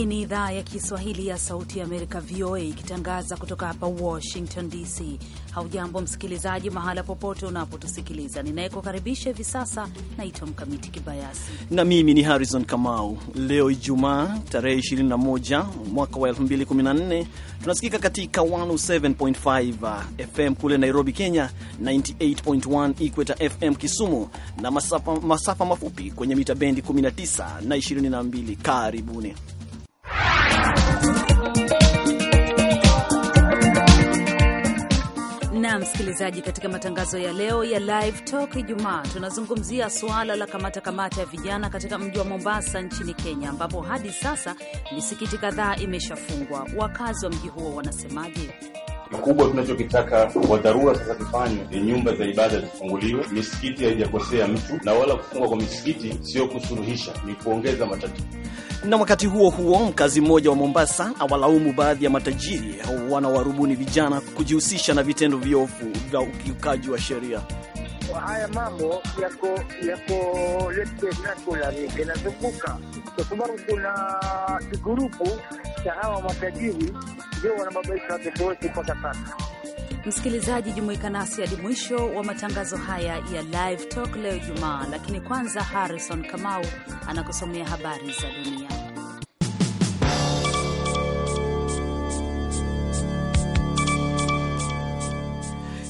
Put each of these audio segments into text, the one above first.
Hii ni idhaa ya Kiswahili ya Sauti ya Amerika, VOA, ikitangaza kutoka hapa Washington DC. Haujambo msikilizaji, mahala popote unapotusikiliza. Ninayekukaribisha hivi sasa naitwa Mkamiti Kibayasi na mimi ni Harrison Kamau. Leo Ijumaa tarehe 21 mwaka wa 2014 tunasikika katika 107.5 FM kule Nairobi, Kenya, 98.1 Equator FM Kisumu, na masafa, masafa mafupi kwenye mita bendi 19 na 22. Karibuni na msikilizaji, katika matangazo ya leo ya Live Talk Ijumaa tunazungumzia suala la kamata kamata ya vijana katika mji wa Mombasa nchini Kenya, ambapo hadi sasa misikiti kadhaa imeshafungwa. Wakazi wa mji huo wanasemaje? Kikubwa tunachokitaka kwa dharura sasa kifanywe ni nyumba za ibada zifunguliwe. Misikiti haijakosea mtu, na wala kufungwa kwa misikiti sio kusuluhisha, ni kuongeza matatizo. Na wakati huo huo, mkazi mmoja wa Mombasa awalaumu baadhi ya matajiri wanawarubuni vijana kujihusisha na vitendo viovu vya ukiukaji wa sheria haya mambo yako yako yanazunguka, kwa sababu kuna kigurupu cha hawa matajiri ndio wanababaisha watoto wetu mpaka sasa. Msikilizaji, jumuika nasi hadi mwisho wa matangazo haya ya Live Talk leo jumaa lakini kwanza Harrison Kamau anakusomea habari za dunia.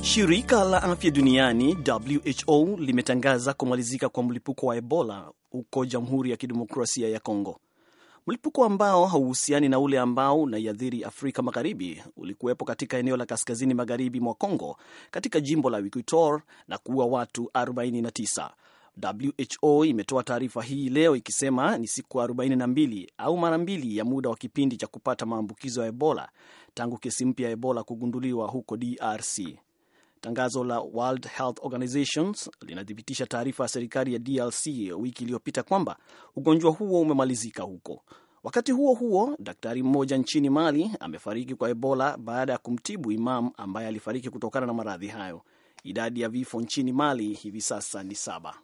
Shirika la Afya Duniani WHO limetangaza kumalizika kwa mlipuko wa Ebola huko Jamhuri ya Kidemokrasia ya Kongo. Mlipuko ambao hauhusiani na ule ambao unaiathiri Afrika Magharibi ulikuwepo katika eneo la kaskazini magharibi mwa Kongo katika jimbo la wiquitor na kuua watu 49. WHO imetoa taarifa hii leo ikisema ni siku 42 au mara mbili ya muda wa kipindi cha kupata maambukizo ya Ebola tangu kesi mpya ya Ebola kugunduliwa huko DRC. Tangazo la World Health Organization linathibitisha taarifa ya serikali ya DRC wiki iliyopita kwamba ugonjwa huo umemalizika huko. Wakati huo huo, daktari mmoja nchini Mali amefariki kwa Ebola baada ya kumtibu imam ambaye alifariki kutokana na maradhi hayo. Idadi ya vifo nchini Mali hivi sasa ni saba.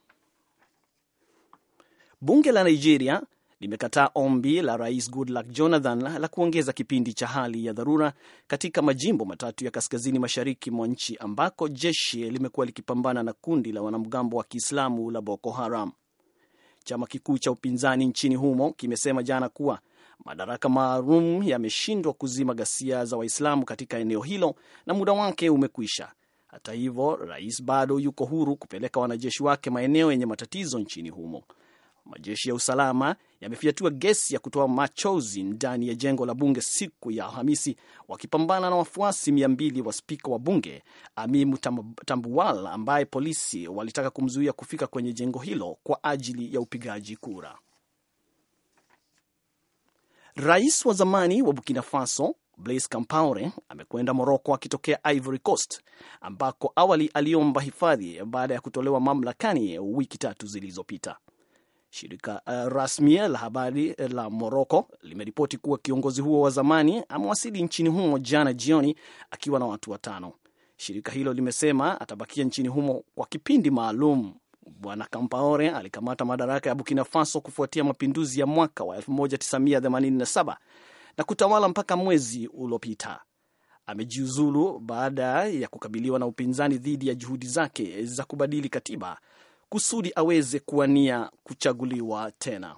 Bunge la Nigeria limekataa ombi la Rais Goodluck Jonathan la kuongeza kipindi cha hali ya dharura katika majimbo matatu ya kaskazini mashariki mwa nchi ambako jeshi limekuwa likipambana na kundi la wanamgambo wa Kiislamu la Boko Haram. Chama kikuu cha upinzani nchini humo kimesema jana kuwa madaraka maalum yameshindwa kuzima ghasia za Waislamu katika eneo hilo na muda wake umekwisha. Hata hivyo, rais bado yuko huru kupeleka wanajeshi wake maeneo yenye matatizo nchini humo majeshi ya usalama yamefyatua gesi ya kutoa machozi ndani ya jengo la bunge siku ya Alhamisi, wakipambana na wafuasi mia mbili wa spika wa bunge Amimu Tambuwal, ambaye polisi walitaka kumzuia kufika kwenye jengo hilo kwa ajili ya upigaji kura. Rais wa zamani wa Burkina Faso Blaise Compaore amekwenda Moroko akitokea Ivory Coast ambako awali aliomba hifadhi baada ya kutolewa mamlakani wiki tatu zilizopita. Shirika uh, rasmi la habari la Moroko limeripoti kuwa kiongozi huo wa zamani amewasili nchini humo jana jioni akiwa na watu watano. Shirika hilo limesema atabakia nchini humo kwa kipindi maalum. Bwana Kampaore alikamata madaraka ya Burkina Faso kufuatia mapinduzi ya mwaka wa 1987 na kutawala mpaka mwezi uliopita. Amejiuzulu baada ya kukabiliwa na upinzani dhidi ya juhudi zake za kubadili katiba kusudi aweze kuwania kuchaguliwa tena.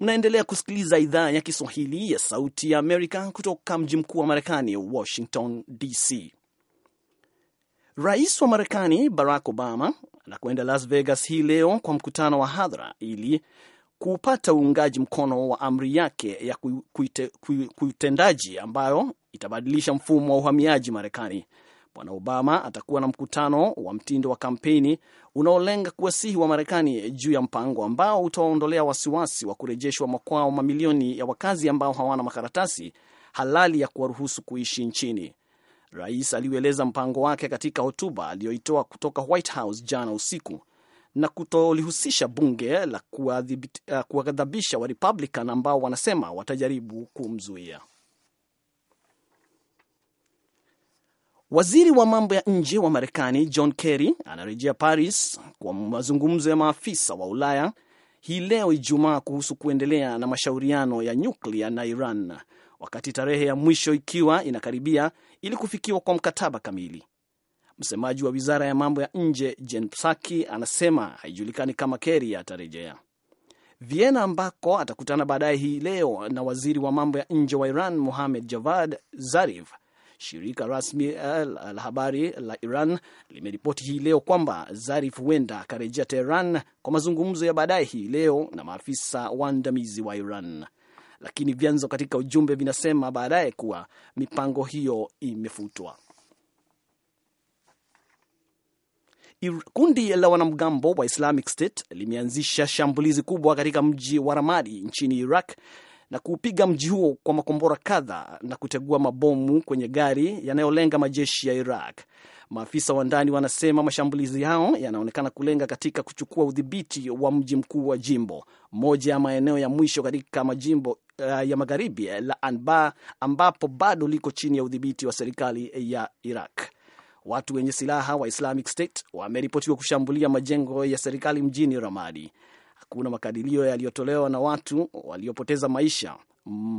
Mnaendelea kusikiliza idhaa ya Kiswahili ya Sauti ya Amerika kutoka mji mkuu wa Marekani, Washington DC. Rais wa Marekani Barack Obama anakwenda Las Vegas hii leo kwa mkutano wa hadhara ili kupata uungaji mkono wa amri yake ya kuitendaji ambayo itabadilisha mfumo wa uhamiaji Marekani. Bwana Obama atakuwa na mkutano wa mtindo wa kampeni unaolenga kuwasihi wa Marekani juu ya mpango ambao utawaondolea wasiwasi wa kurejeshwa makwao mamilioni ya wakazi ambao hawana makaratasi halali ya kuwaruhusu kuishi nchini. Rais aliueleza mpango wake katika hotuba aliyoitoa kutoka White House jana usiku na kutolihusisha bunge la kuwaghadhabisha Republican ambao wanasema watajaribu kumzuia. Waziri wa mambo ya nje wa Marekani John Kerry anarejea Paris kwa mazungumzo ya maafisa wa Ulaya hii leo Ijumaa kuhusu kuendelea na mashauriano ya nyuklia na Iran, wakati tarehe ya mwisho ikiwa inakaribia ili kufikiwa kwa mkataba kamili. Msemaji wa wizara ya mambo ya nje Jen Psaki anasema haijulikani kama Kerry atarejea Vienna ambako atakutana baadaye hii leo na waziri wa mambo ya nje wa Iran Mohamed Javad Zarif Shirika rasmi uh, la habari la Iran limeripoti hii leo kwamba Zarif huenda akarejea Teheran kwa mazungumzo ya baadaye hii leo na maafisa waandamizi wa Iran, lakini vyanzo katika ujumbe vinasema baadaye kuwa mipango hiyo imefutwa. Kundi la wanamgambo wa Islamic State limeanzisha shambulizi kubwa katika mji wa Ramadi nchini Iraq na kuupiga mji huo kwa makombora kadha na kutegua mabomu kwenye gari yanayolenga majeshi ya Iraq. Maafisa wa ndani wanasema mashambulizi hao yanaonekana kulenga katika kuchukua udhibiti wa mji mkuu wa jimbo, moja ya maeneo ya mwisho katika majimbo uh, ya magharibi la Anbar ambapo bado liko chini ya udhibiti wa serikali ya Iraq. Watu wenye silaha wa Islamic State wameripotiwa kushambulia majengo ya serikali mjini Ramadi kuna makadirio yaliyotolewa na watu waliopoteza maisha.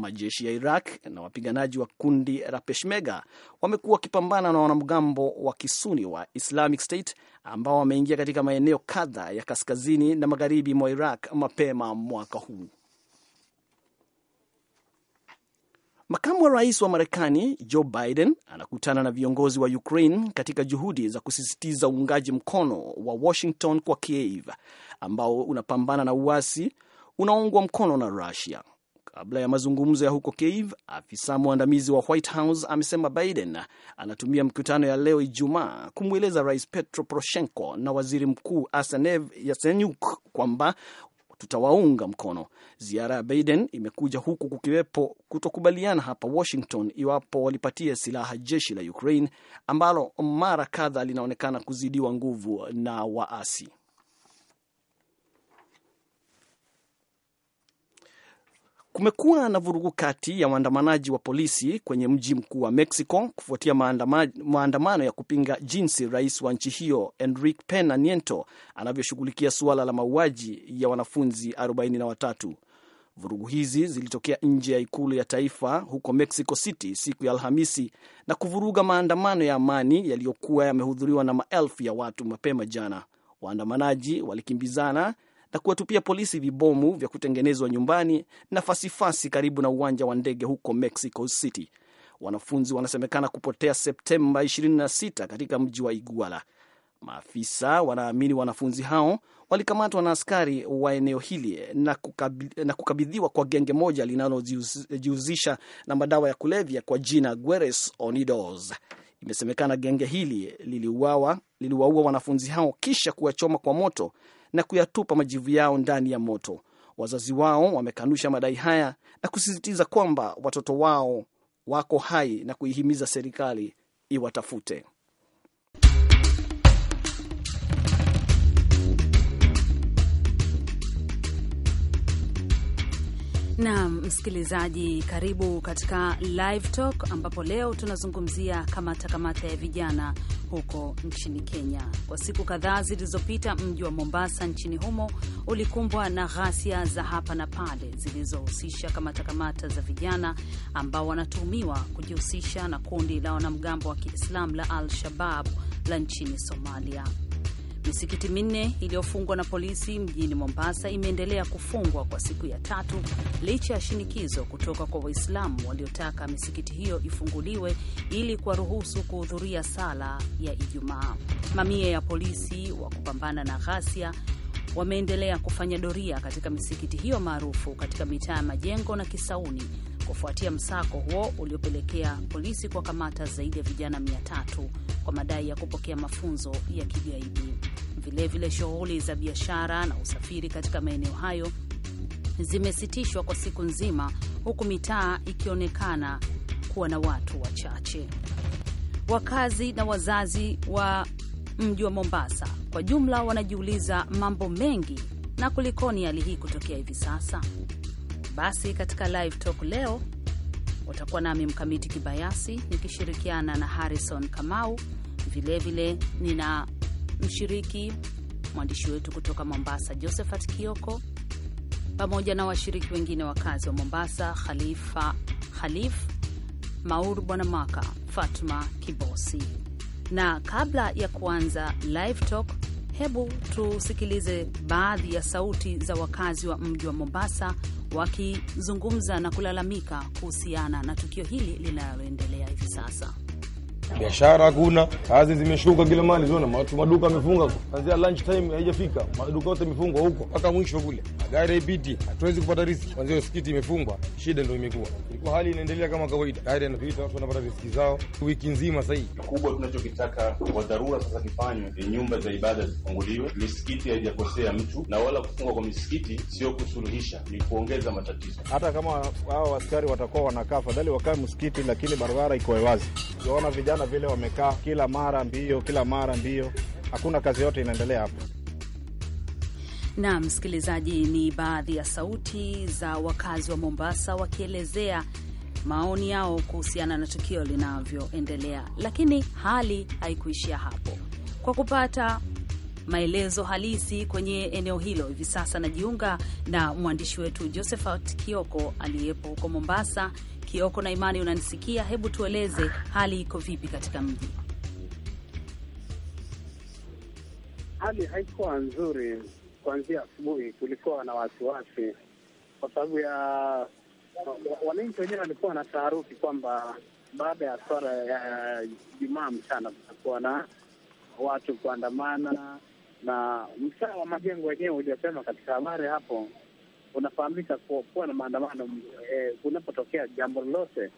Majeshi ya Iraq na wapiganaji wa kundi la Peshmerga wamekuwa wakipambana na wanamgambo wa kisuni wa Islamic State ambao wameingia katika maeneo kadha ya kaskazini na magharibi mwa Iraq mapema mwaka huu. Makamu wa rais wa Marekani Joe Biden anakutana na viongozi wa Ukraine katika juhudi za kusisitiza uungaji mkono wa Washington kwa Kiev ambao unapambana na uasi unaoungwa mkono na Rusia. Kabla ya mazungumzo ya huko Kiev, afisa mwandamizi wa White House amesema Biden anatumia mkutano ya leo Ijumaa kumweleza rais Petro Poroshenko na waziri mkuu asanev Yasenyuk kwamba tutawaunga mkono. Ziara ya Biden imekuja huku kukiwepo kutokubaliana hapa Washington iwapo walipatia silaha jeshi la Ukraine ambalo mara kadha linaonekana kuzidiwa nguvu na waasi. Kumekuwa na vurugu kati ya waandamanaji wa polisi kwenye mji mkuu wa Mexico kufuatia maandamano ya kupinga jinsi rais wa nchi hiyo Enrique Pena Nieto anavyoshughulikia suala la mauaji ya wanafunzi 43. Vurugu hizi zilitokea nje ya ikulu ya taifa huko Mexico City siku ya Alhamisi na kuvuruga maandamano ya amani yaliyokuwa yamehudhuriwa na maelfu ya watu mapema jana. Waandamanaji walikimbizana na kuwatupia polisi vibomu vya kutengenezwa nyumbani na fasifasi karibu na uwanja wa ndege huko Mexico City. Wanafunzi wanasemekana kupotea Septemba 26 katika mji wa Iguala. Maafisa wanaamini wanafunzi hao walikamatwa na askari wa eneo hili na kukabidhiwa kwa genge moja linalojihusisha na madawa ya kulevya kwa jina Gueres Onidos. Imesemekana genge hili liliwaua wanafunzi hao kisha kuwachoma kwa moto na kuyatupa majivu yao ndani ya moto. Wazazi wao wamekanusha madai haya na kusisitiza kwamba watoto wao wako hai na kuihimiza serikali iwatafute. Naam, msikilizaji, karibu katika Live Talk ambapo leo tunazungumzia kamata kamata ya vijana huko nchini Kenya. Kwa siku kadhaa zilizopita, mji wa Mombasa nchini humo ulikumbwa na ghasia za hapa na pale zilizohusisha kamata kamata za vijana ambao wanatuhumiwa kujihusisha na kundi la wanamgambo wa Kiislamu la Al-Shabab la nchini Somalia. Misikiti minne iliyofungwa na polisi mjini Mombasa imeendelea kufungwa kwa siku ya tatu licha ya shinikizo kutoka kwa Waislamu waliotaka misikiti hiyo ifunguliwe ili kuwaruhusu kuhudhuria sala ya Ijumaa. Mamia ya polisi wa kupambana na ghasia wameendelea kufanya doria katika misikiti hiyo maarufu katika mitaa ya Majengo na Kisauni kufuatia msako huo uliopelekea polisi kuwakamata zaidi ya vijana 300 kwa madai ya kupokea mafunzo ya kigaidi. Vilevile, shughuli za biashara na usafiri katika maeneo hayo zimesitishwa kwa siku nzima, huku mitaa ikionekana kuwa na watu wachache. Wakazi na wazazi wa mji wa Mombasa kwa jumla wanajiuliza mambo mengi na kulikoni hali hii kutokea hivi sasa. Basi katika live talk leo utakuwa nami Mkamiti Kibayasi nikishirikiana na Harrison Kamau. Vilevile nina mshiriki mwandishi wetu kutoka Mombasa, Josephat Kioko, pamoja na washiriki wengine wakazi wa Mombasa, Khalifa Khalif Maur, Bwanamaka, Fatma Kibosi. Na kabla ya kuanza live talk, hebu tusikilize baadhi ya sauti za wakazi wa mji wa Mombasa wakizungumza na kulalamika kuhusiana na tukio hili linaloendelea hivi sasa biashara hakuna, kazi zimeshuka kila mali, zona watu maduka amefunga kuanzia lunch time, haijafika maduka yote yamefungwa huko mpaka mwisho kule, magari haipiti, hatuwezi kupata riziki. Kwanzia msikiti imefungwa, shida ndio imekuwa, ilikuwa hali inaendelea kama kawaida, gari yanapita, watu wanapata riziki zao wiki nzima. Sasa hii kubwa tunachokitaka kwa dharura sasa kifanywe ni nyumba za ibada zifunguliwe. Misikiti haijakosea mtu, na wala kufungwa kwa misikiti sio kusuluhisha, ni kuongeza matatizo. Hata kama hao askari watakuwa wanakaa, fadhali wakae msikiti, lakini barabara iko wazi. Unaona vijana Unaona vile wamekaa kila mara mbio, kila mara mbio, hakuna kazi yote inaendelea hapo. na msikilizaji, ni baadhi ya sauti za wakazi wa Mombasa wakielezea maoni yao kuhusiana na tukio linavyoendelea, lakini hali haikuishia hapo. Kwa kupata maelezo halisi kwenye eneo hilo. Hivi sasa najiunga na mwandishi wetu Josephat Kioko aliyepo huko Mombasa. Kioko na Imani, unanisikia? Hebu tueleze hali iko vipi katika mji? Hali haikuwa nzuri kuanzia asubuhi, kulikuwa na wasiwasi kwa sababu ya wananchi wenyewe walikuwa na taharuki kwamba baada ya swala ya Jumaa mchana kutakuwa na watu kuandamana na msaa wa majengo wenyewe uliosema katika habari hapo unafahamika kuwa, na maandamano eh, kunapotokea jambo lolote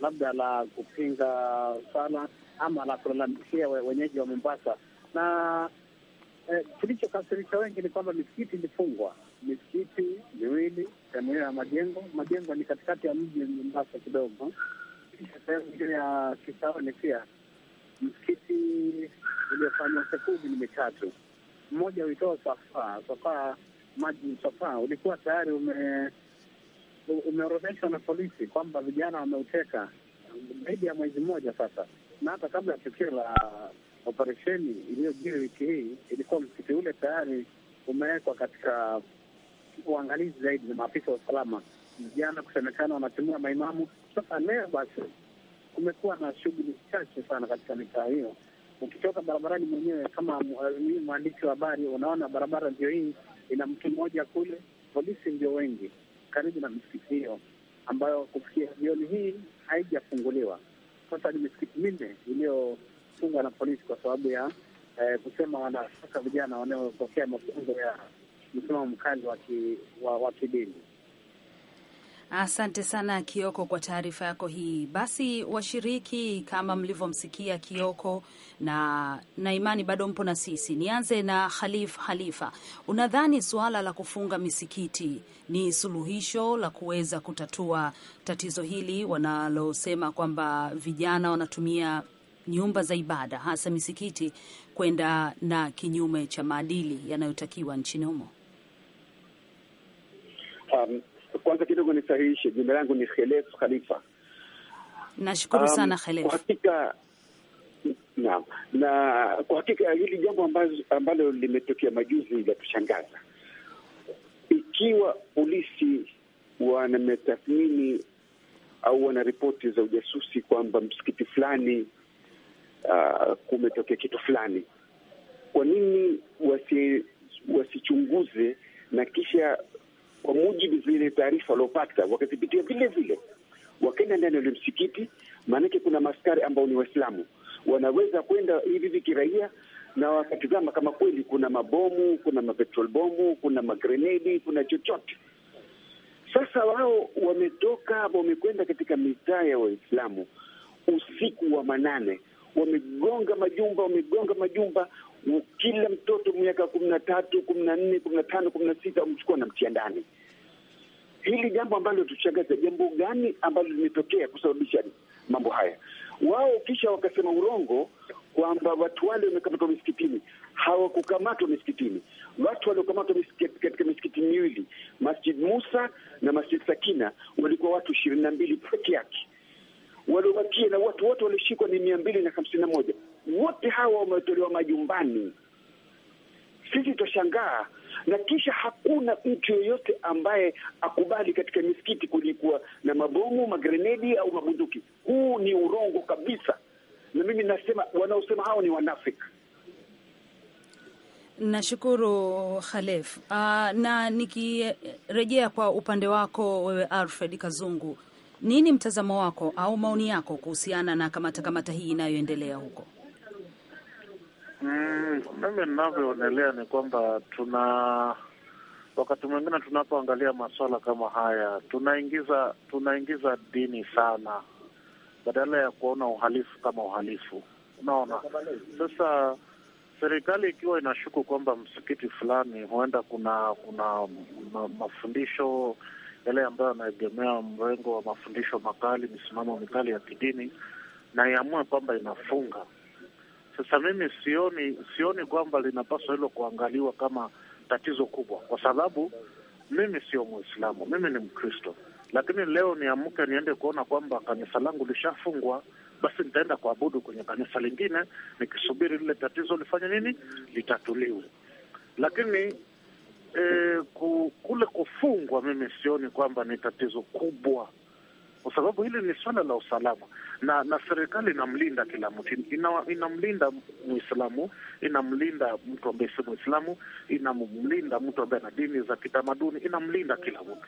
labda la kupinga sana ama la kulalamikia wenyeji wa Mombasa na eh, kilichokasirisha wengi ni kwamba misikiti ilifungwa, misikiti miwili sehemu hiyo ya majengo. Majengo ni katikati ya mji Mombasa kidogo, kisha sehemu hiyo ya Kisaoni pia msikiti uliofanya sekuli ni mitatu mmoja huitoa Safaa. Safaa maji Safaa ulikuwa tayari ume umeorodheshwa na polisi kwamba vijana wameuteka zaidi ya mwezi mmoja sasa, na hata kabla ya tukio la operesheni iliyojiri wiki hii, ilikuwa msikiti ule tayari umewekwa katika uangalizi zaidi na maafisa wa usalama, vijana kusemekana wanatumia maimamu. Sasa leo basi kumekuwa na shughuli chache sana katika mitaa hiyo, ukitoka barabarani mwenyewe kama mwandishi wa habari, unaona barabara ndio hii, ina mtu mmoja kule, polisi ndio wengi karibu na misikiti hiyo ambayo kufikia jioni hii haijafunguliwa. Sasa ni misikiti minne iliyofungwa na polisi kwa sababu ya eh, kusema wanasaka vijana wanaopokea mafunzo ya msimamo mkali wa kidini. Asante sana Kioko kwa taarifa yako hii. Basi washiriki, kama mlivyomsikia Kioko na na imani, bado mpo na sisi. Nianze na Khalif Halifa, unadhani suala la kufunga misikiti ni suluhisho la kuweza kutatua tatizo hili wanalosema kwamba vijana wanatumia nyumba za ibada hasa misikiti kwenda na kinyume cha maadili yanayotakiwa nchini humo? Um, kwanza kidogo nisahihishe, jina langu ni Khelef Khalifa. Nashukuru um, sana Khelef. Kwa hakika na, na kwa hakika hili jambo ambalo limetokea majuzi la kushangaza. Ikiwa polisi wanametathmini au wana ripoti za ujasusi kwamba msikiti fulani uh, kumetokea kitu fulani, kwa nini wasi wasichunguze na kisha kwa mujibu zile taarifa waliopata wakazipitia vile vile, wakenda ndani ya ule msikiti, maanake kuna maskari ambao ni Waislamu wanaweza kwenda hivi hivi kiraia na wakatizama kama kweli kuna mabomu, kuna mapetrol bomu, kuna magrenedi, kuna chochote. Sasa wao wametoka, wamekwenda katika mitaa ya Waislamu usiku wa manane, wamegonga majumba, wamegonga majumba, kila mtoto miaka kumi na tatu kumi na nne kumi na tano kumi na sita umchukua na mtia ndani. Hili jambo ambalo tushangaza, jambo gani ambalo limetokea kusababisha mambo haya? Wao kisha wakasema urongo kwamba watu wale wamekamatwa misikitini. Hawakukamatwa misikitini, watu waliokamatwa katika misikiti miwili, Masjid Musa na Masjid Sakina, walikuwa watu ishirini na mbili peke yake. Waliobakia na watu wote walishikwa ni mia mbili na hamsini na moja wote hawa wametolewa majumbani. Sisi twashangaa na kisha hakuna mtu yoyote ambaye akubali katika misikiti kulikuwa na mabomu, magrenedi au mabunduki. Huu ni urongo kabisa, na mimi nasema wanaosema hao ni wanafiki. Nashukuru Khalef. Uh, na nikirejea kwa upande wako wewe Alfred Kazungu, nini mtazamo wako au maoni yako kuhusiana na kamata kamata hii inayoendelea huko? Mm, mimi ninavyoonelea ni kwamba tuna wakati mwingine tunapoangalia masuala kama haya tunaingiza tunaingiza dini sana badala ya kuona uhalifu kama uhalifu. Unaona, sasa serikali ikiwa inashuku kwamba msikiti fulani huenda kuna kuna ma, mafundisho yale ambayo yanaegemea mrengo wa mafundisho makali, misimamo mikali ya kidini, na iamue kwamba inafunga sasa mimi sioni, sioni kwamba linapaswa hilo kuangaliwa kama tatizo kubwa, kwa sababu mimi sio Muislamu, mimi ni Mkristo, lakini leo niamke niende kuona kwamba kanisa langu lishafungwa, basi nitaenda kuabudu kwenye kanisa lingine nikisubiri lile tatizo lifanye nini, litatuliwe. Lakini e, kule kufungwa mimi sioni kwamba ni tatizo kubwa kwa sababu hili ni suala la usalama, na na serikali inamlinda kila mtu, inamlinda Muislamu, inamlinda mtu ambaye si Muislamu, inamlinda mtu ambaye ana dini za kitamaduni, inamlinda kila mtu.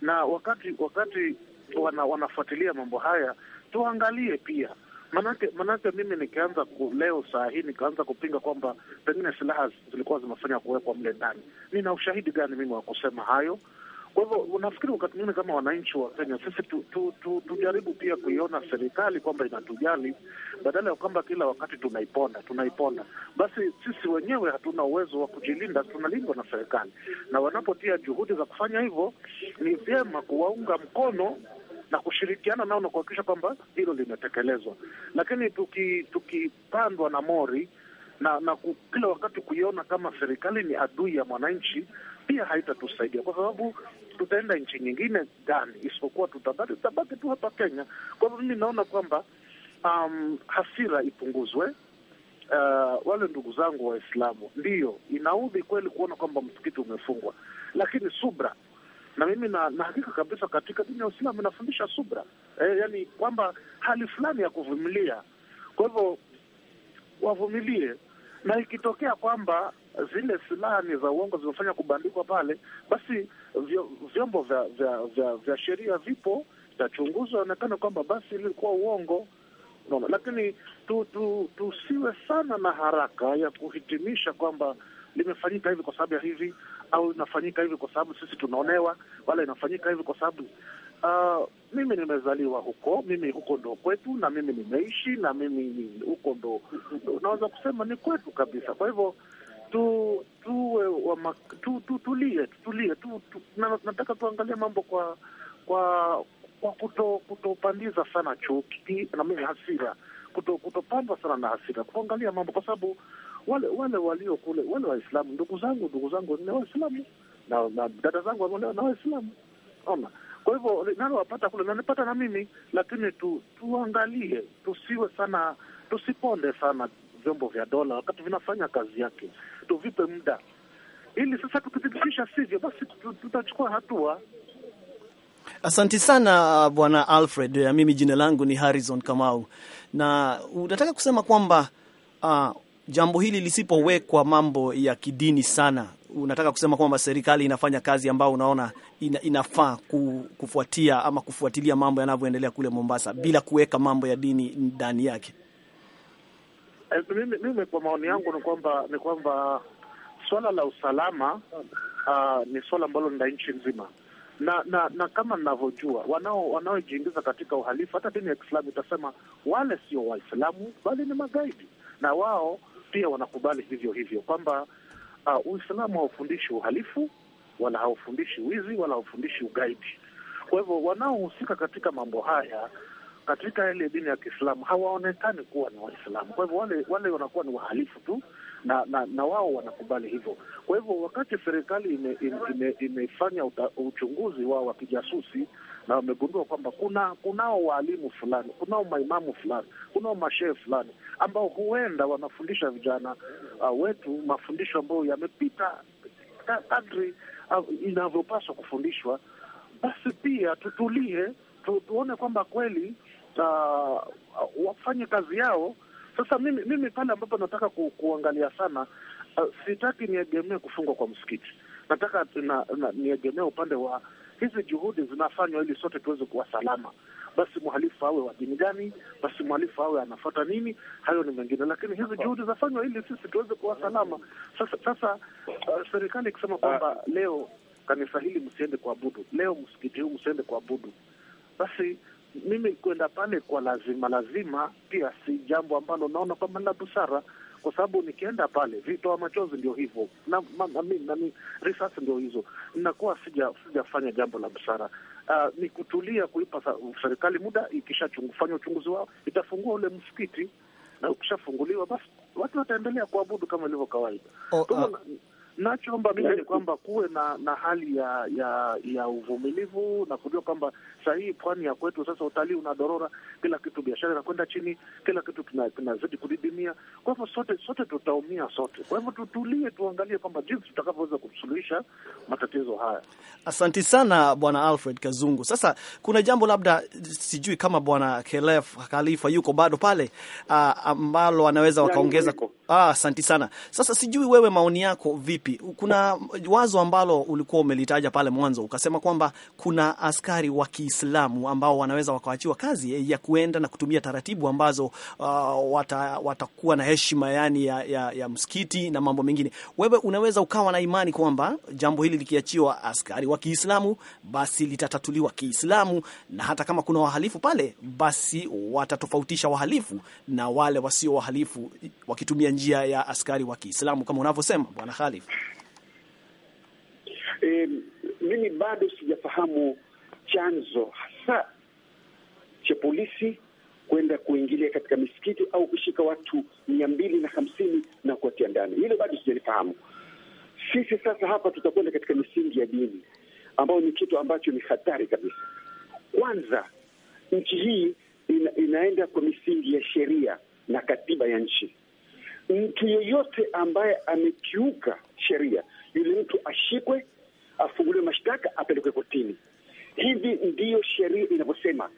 Na wakati wakati wana, wanafuatilia mambo haya, tuangalie pia Manake, manake mimi nikianza leo saa hii nikaanza kupinga kwamba pengine silaha zilikuwa zimefanya kuwekwa mle ndani, nina ushahidi gani mimi wa kusema hayo? Kwa hivyo unafikiri wakati mwingine kama wananchi wa Kenya sisi tu, tu, tu, tujaribu pia kuiona serikali kwamba inatujali badala ya kwamba kila wakati tunaiponda tunaiponda. Basi sisi wenyewe hatuna uwezo wa kujilinda, tunalindwa na serikali, na wanapotia juhudi za kufanya hivyo, ni vyema kuwaunga mkono na kushirikiana nao na kuhakikisha kwamba hilo limetekelezwa. Lakini tukipandwa tuki na mori na, na kila wakati kuiona kama serikali ni adui ya mwananchi, pia haitatusaidia kwa sababu tutaenda nchi nyingine gani isipokuwa tutabaki tutabaki tu hapa Kenya? Kwa hivyo mimi naona kwamba um, hasira ipunguzwe. Uh, wale ndugu zangu Waislamu, ndiyo inaudhi kweli kuona kwamba msikiti umefungwa, lakini subra na mimi na, na hakika kabisa katika dini ya Uislamu inafundisha subra eh, yani kwamba hali fulani ya kuvumilia. Kwa hivyo wavumilie, na ikitokea kwamba zile silaha ni za uongo zimefanya kubandikwa pale, basi vyombo vya vya vya, vya sheria vipo, itachunguzwa, aonekane kwamba basi ilikuwa uongo. no. lakini tusiwe tu, tu sana na haraka ya kuhitimisha kwamba limefanyika hivi kwa sababu ya hivi au inafanyika hivi kwa sababu sisi tunaonewa, wala inafanyika hivi kwa sababu uh, mimi nimezaliwa huko, mimi huko ndo kwetu, na mimi nimeishi na mimi huko ndo, unaweza kusema ni kwetu kabisa. Kwa hivyo tu tutulie tutulie tu, tu, eh, nataka tuangalie mambo kwa kwa kwa kuto kutopandiza sana chuki na mimi hasira, kuto kutopandwa sana na hasira, kuangalia mambo kwa sababu wale wale walio kule wale Waislamu ndugu zangu ndugu zangu ni Waislamu na, na dada zangu wameolewa na Waislamu ona. Kwa hivyo nalowapata kule nanipata na mimi, lakini tu, tuangalie tusiwe sana tusiponde sana vyombo vya dola wakati vinafanya kazi yake, tuvipe muda ili sasa tukithibitisha sivyo, basi tutachukua hatua. Asanti sana uh, Bwana Alfred. Mimi jina langu ni Harrison Kamau, na unataka kusema kwamba uh, jambo hili lisipowekwa mambo ya kidini sana, unataka kusema kwamba serikali inafanya kazi ambayo unaona ina, inafaa kufuatia ama kufuatilia mambo yanavyoendelea kule Mombasa bila kuweka mambo ya dini ndani yake. Eh, mimi kwa maoni yangu ni kwamba ni kwamba swala la usalama uh, ni swala ambalo ni la nchi nzima na na na kama ninavyojua wanao wanaojiingiza katika uhalifu, hata dini ya Kiislamu itasema wale sio Waislamu bali ni magaidi, na wao pia wanakubali hivyo hivyo kwamba uh, Uislamu haufundishi uhalifu wala haufundishi wizi wala haufundishi ugaidi. Kwa hivyo wanaohusika katika mambo haya katika ile dini ya Kiislamu hawaonekani kuwa ni Waislamu. Kwa hivyo wale wale wanakuwa ni wahalifu tu, na na, na wao wanakubali hivyo. Kwa hivyo wakati serikali imefanya ime, ime, ime uchunguzi wao wa kijasusi na wamegundua kwamba kuna kunao waalimu fulani, kunao maimamu fulani, kunao mashehe fulani ambao huenda wanafundisha vijana uh, wetu mafundisho ambayo yamepita kadri uh, inavyopaswa kufundishwa, basi pia tutulie tu, tuone kwamba kweli uh, wafanye kazi yao. Sasa mimi mimi pale ambapo nataka ku, kuangalia sana uh, sitaki niegemee kufungwa kwa msikiti, nataka na, na, niegemee upande wa hizi juhudi zinafanywa ili sote tuweze kuwa salama. Basi mhalifu awe wa dini gani, basi mhalifu awe anafuata nini, hayo ni mengine, lakini hizi juhudi zafanywa ili sisi tuweze kuwa mm. salama. Sasa, sasa uh, serikali ikisema kwamba ah. leo kanisa hili msiende kuabudu, leo msikiti huu msiende kuabudu, basi mimi kwenda pale kwa lazima lazima pia si jambo ambalo naona kwamba la busara, kwa sababu nikienda pale vitoa machozi ndio hivyo na, na, risasi ndio hizo, nakuwa sija sijafanya jambo la busara. Uh, ni kutulia kuipa serikali muda, ikishafanya uchunguzi wao itafungua ule msikiti, na ukishafunguliwa basi watu wataendelea kuabudu kama ilivyo kawaida. oh, uh... Nachoomba mimi ni kwamba kuwe na na hali ya ya ya uvumilivu na kujua kwamba saa hii pwani ya kwetu sasa utalii unadorora, kila kitu, biashara inakwenda chini, kila kitu kinazidi kudidimia. Kwa hivyo sote sote tutaumia sote. Kwa hivyo tutulie, tuangalie kwamba jinsi tutakavyoweza kusuluhisha matatizo haya. Asanti sana Bwana Alfred Kazungu. Sasa kuna jambo labda, sijui kama Bwana Kelef Khalifa yuko bado pale, ah, ambalo anaweza yaani wakaongeza. Ah, asanti sana. Sasa sijui wewe maoni yako vipi? vipi? Kuna wazo ambalo ulikuwa umelitaja pale mwanzo, ukasema kwamba kuna askari wa Kiislamu ambao wanaweza wakaachiwa kazi ya kuenda na kutumia taratibu ambazo uh, wata, watakuwa na heshima yani ya, ya, ya msikiti na mambo mengine. Wewe unaweza ukawa na imani kwamba jambo hili likiachiwa askari wa Kiislamu basi litatatuliwa Kiislamu, na hata kama kuna wahalifu pale, basi watatofautisha wahalifu na wale wasio wahalifu wakitumia njia ya askari wa Kiislamu kama unavyosema Bwana Khalif. E, mimi bado sijafahamu chanzo hasa cha polisi kwenda kuingilia katika misikiti au kushika watu mia mbili na hamsini na kuwatia ndani. Hilo bado sijalifahamu. Sisi sasa hapa tutakwenda katika misingi ya dini ambayo ni kitu ambacho ni hatari kabisa. Kwanza, nchi hii ina, inaenda kwa misingi ya sheria na katiba ya nchi. Mtu yeyote ambaye amekiuka sheria, yule mtu ashikwe afunguliwe mashtaka, apelekwe kotini. Hivi ndiyo sheria inavyosema.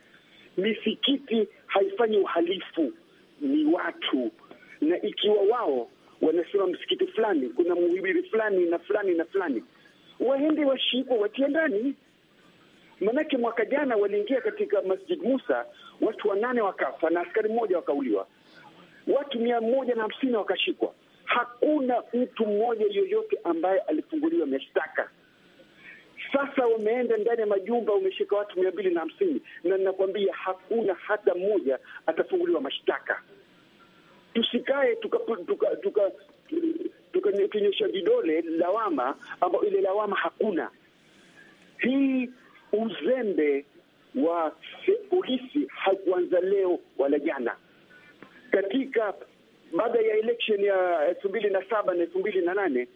Misikiti haifanyi uhalifu, ni watu. Na ikiwa wao wanasema msikiti fulani kuna mhubiri fulani na fulani na fulani, waende washikwe, watie ndani. Maanake mwaka jana waliingia katika Masjid Musa watu wanane wakafa na askari mmoja wakauliwa, watu mia moja na hamsini wakashikwa. Hakuna mtu mmoja yoyote ambaye alifunguliwa mashtaka. Sasa umeenda ndani ya majumba umeshika watu mia mbili na hamsini na ninakwambia hakuna hata mmoja atafunguliwa mashtaka. Tusikae tukakinyosha tuka, tuka, tuka, tuka vidole lawama, ambayo ile lawama hakuna. Hii uzembe wa polisi hakuanza leo wala jana. Katika baada ya election ya elfu mbili na saba na elfu mbili na nane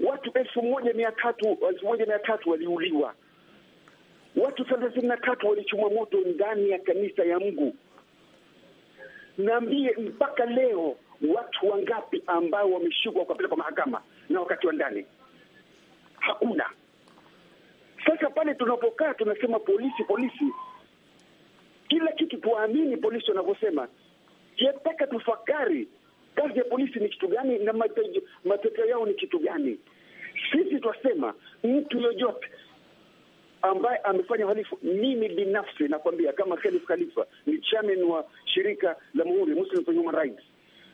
watu elfu moja mia tatu elfu moja mia tatu waliuliwa, watu thelathini na tatu walichomwa moto ndani ya kanisa ya Mungu. Naambie, mpaka leo watu wangapi ambao wameshikwa wakapelekwa mahakama na wakati wa ndani? Hakuna. Sasa pale tunapokaa tunasema polisi, polisi, kila kitu tuwaamini polisi wanavyosema. Yataka tufakari kazi ya polisi ni kitu gani na matokeo yao ni kitu gani? Sisi twasema mtu yoyote ambaye amefanya uhalifu, mimi binafsi nakwambia, kama Khalif Khalifa ni chairman wa shirika la Muhuri Muslim for Human Rights,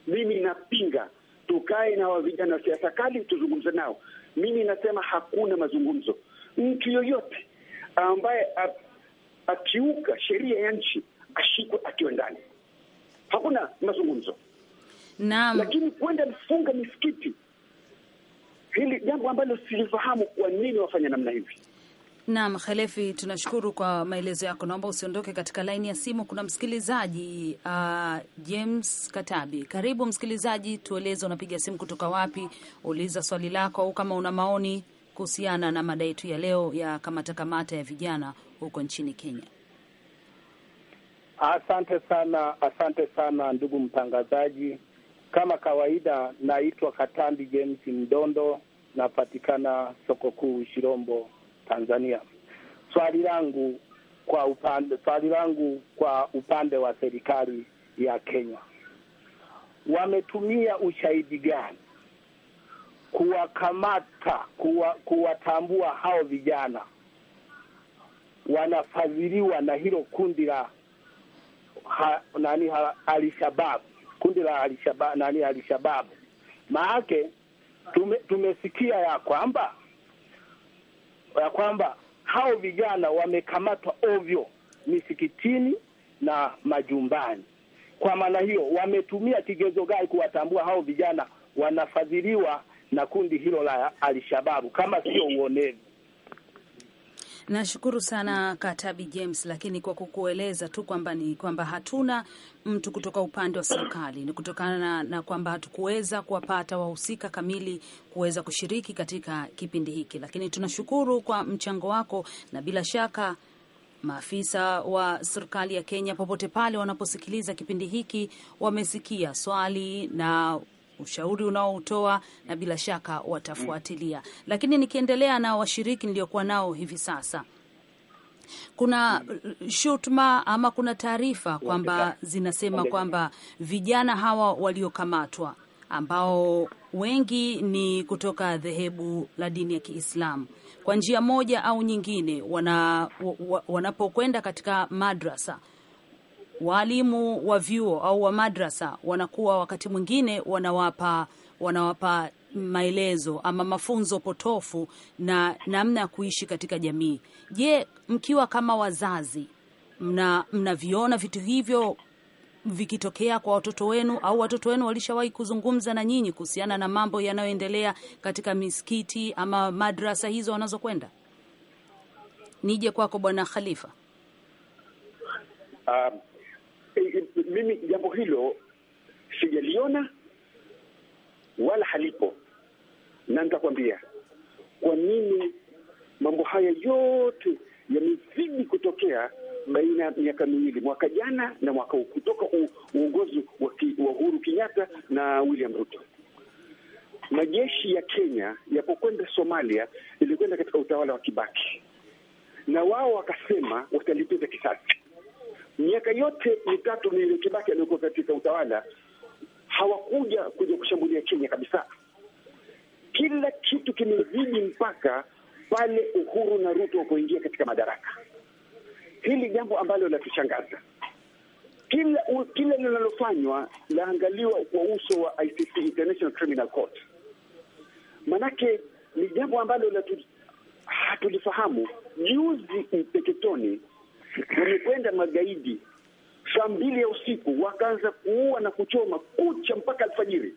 mimi napinga tukae na wavijana wa siasa kali tuzungumze nao. Mimi nasema hakuna mazungumzo. Mtu yoyote ambaye akiuka sheria ya nchi ashikwe akiwa ndani, hakuna mazungumzo. Naam. Lakini kwenda mfunga misikiti, hili jambo ambalo silifahamu, kwa nini wafanya namna hivi. Naam, Khalefi, tunashukuru kwa maelezo yako. Naomba usiondoke katika laini ya simu, kuna msikilizaji uh, James Katabi. Karibu msikilizaji, tueleze unapiga simu kutoka wapi, uliza swali lako au kama una maoni kuhusiana na mada yetu ya leo ya kamata kamata ya vijana huko nchini Kenya. Asante sana, asante sana ndugu mtangazaji. Kama kawaida, naitwa Katambi James Mdondo, napatikana soko kuu Shirombo, Tanzania. Swali langu kwa upande swali langu kwa upande wa serikali ya Kenya, wametumia ushahidi gani kuwakamata kuwa, kuwatambua hao vijana wanafadhiliwa na hilo kundi la ha, nani ha, Alshababu kundi la Alishaba, nani Alishababu. Maake tume, tumesikia ya kwamba ya kwamba hao vijana wamekamatwa ovyo misikitini na majumbani. Kwa maana hiyo, wametumia kigezo gani kuwatambua hao vijana wanafadhiliwa na kundi hilo la Alshababu kama sio uonevu? Nashukuru sana Katabi James, lakini kwa kukueleza tu kwamba ni kwamba hatuna mtu kutoka upande wa serikali, ni kutokana na, na kwamba hatukuweza kuwapata wahusika kamili kuweza kushiriki katika kipindi hiki, lakini tunashukuru kwa mchango wako na bila shaka maafisa wa serikali ya Kenya popote pale wanaposikiliza kipindi hiki wamesikia swali na ushauri unaoutoa na bila shaka watafuatilia. Lakini nikiendelea na washiriki niliokuwa nao hivi sasa kuna shutuma ama kuna taarifa kwamba zinasema kwamba vijana hawa waliokamatwa ambao wengi ni kutoka dhehebu la dini ya Kiislamu kwa njia moja au nyingine, wana, wanapokwenda katika madrasa waalimu wa vyuo au wa madrasa wanakuwa wakati mwingine wanawapa wanawapa maelezo ama mafunzo potofu na namna ya kuishi katika jamii. Je, mkiwa kama wazazi mna mnaviona vitu hivyo vikitokea kwa watoto wenu au watoto wenu walishawahi kuzungumza na nyinyi kuhusiana na mambo yanayoendelea katika misikiti ama madrasa hizo wanazokwenda? Nije kwako Bwana Khalifa. Um, mimi jambo hilo sijaliona wala halipo, na nitakwambia kwa nini mambo haya yote yamezidi kutokea baina ya miaka miwili, mwaka jana na mwaka huu, kutoka uongozi wa Uhuru Kenyatta na William Ruto. Majeshi ya Kenya yapokwenda Somalia ilikwenda katika utawala wa Kibaki, na wao wakasema watalipiza kisasi miaka yote mitatu Mwigulu Kibaki aliyokuwa katika utawala hawakuja kuja kushambulia Kenya kabisa. Kila kitu kimezidi mpaka pale Uhuru na Ruto kuingia katika madaraka. Hili jambo ambalo latushangaza. Kila kila linalofanywa laangaliwa kwa uso wa ICC, International Criminal Court. Manake ni jambo ambalo hatulifahamu. Juzi Mpeketoni walikwenda magaidi saa mbili ya usiku wakaanza kuua na kuchoma kucha mpaka alfajiri.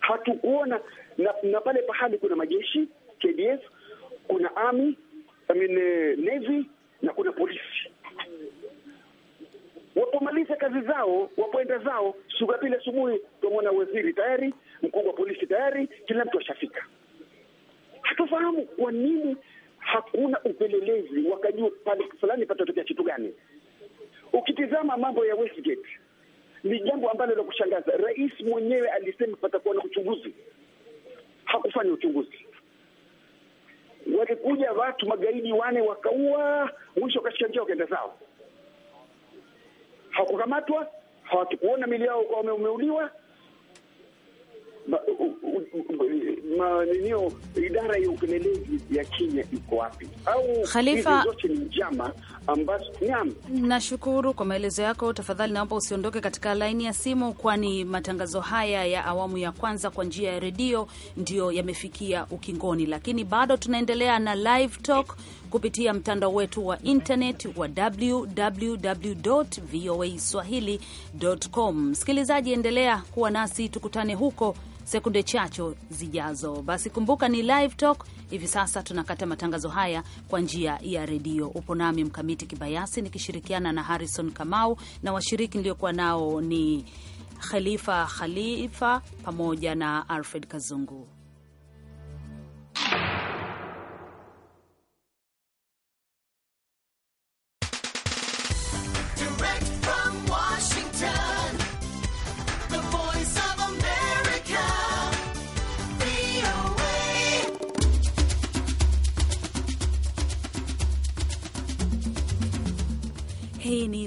Hatukuona na, na pale pahali kuna majeshi KDF, kuna army I mean, eh, navy na kuna polisi. Wapomaliza kazi zao, wapoenda zao, siku ya pili asubuhi tumeona waziri tayari, mkuu wa polisi tayari, kila mtu ashafika. Hatufahamu kwa nini hakuna upelelezi wakajua pale fulani patatokea kitu gani. Ukitizama mambo ya Westgate ni jambo ambalo la kushangaza. Rais mwenyewe alisema patakuwa na uchunguzi, hakufanya uchunguzi. Walikuja watu magaidi wane wakaua, mwisho wakashikanjia wakaenda zao, hakukamatwa hawakuona mili yao kwa wameuliwa, idara ya upelelezi ya Kenya iko wapi? Au Khalifa, zote ni njama ambazo. nashukuru kwa maelezo yako. Tafadhali naomba usiondoke katika laini ya simu, kwani matangazo haya ya awamu ya kwanza kwa njia ya redio ndiyo yamefikia ukingoni, lakini bado tunaendelea na live talk kupitia mtandao wetu wa internet wa swahili.com. Msikilizaji, endelea kuwa nasi, tukutane huko sekunde chacho zijazo. Basi kumbuka ni live talk hivi sasa, tunakata matangazo haya kwa njia ya redio. Upo nami Mkamiti Kibayasi nikishirikiana na Harrison Kamau na washiriki niliokuwa nao ni Khalifa Khalifa pamoja na Alfred Kazungu.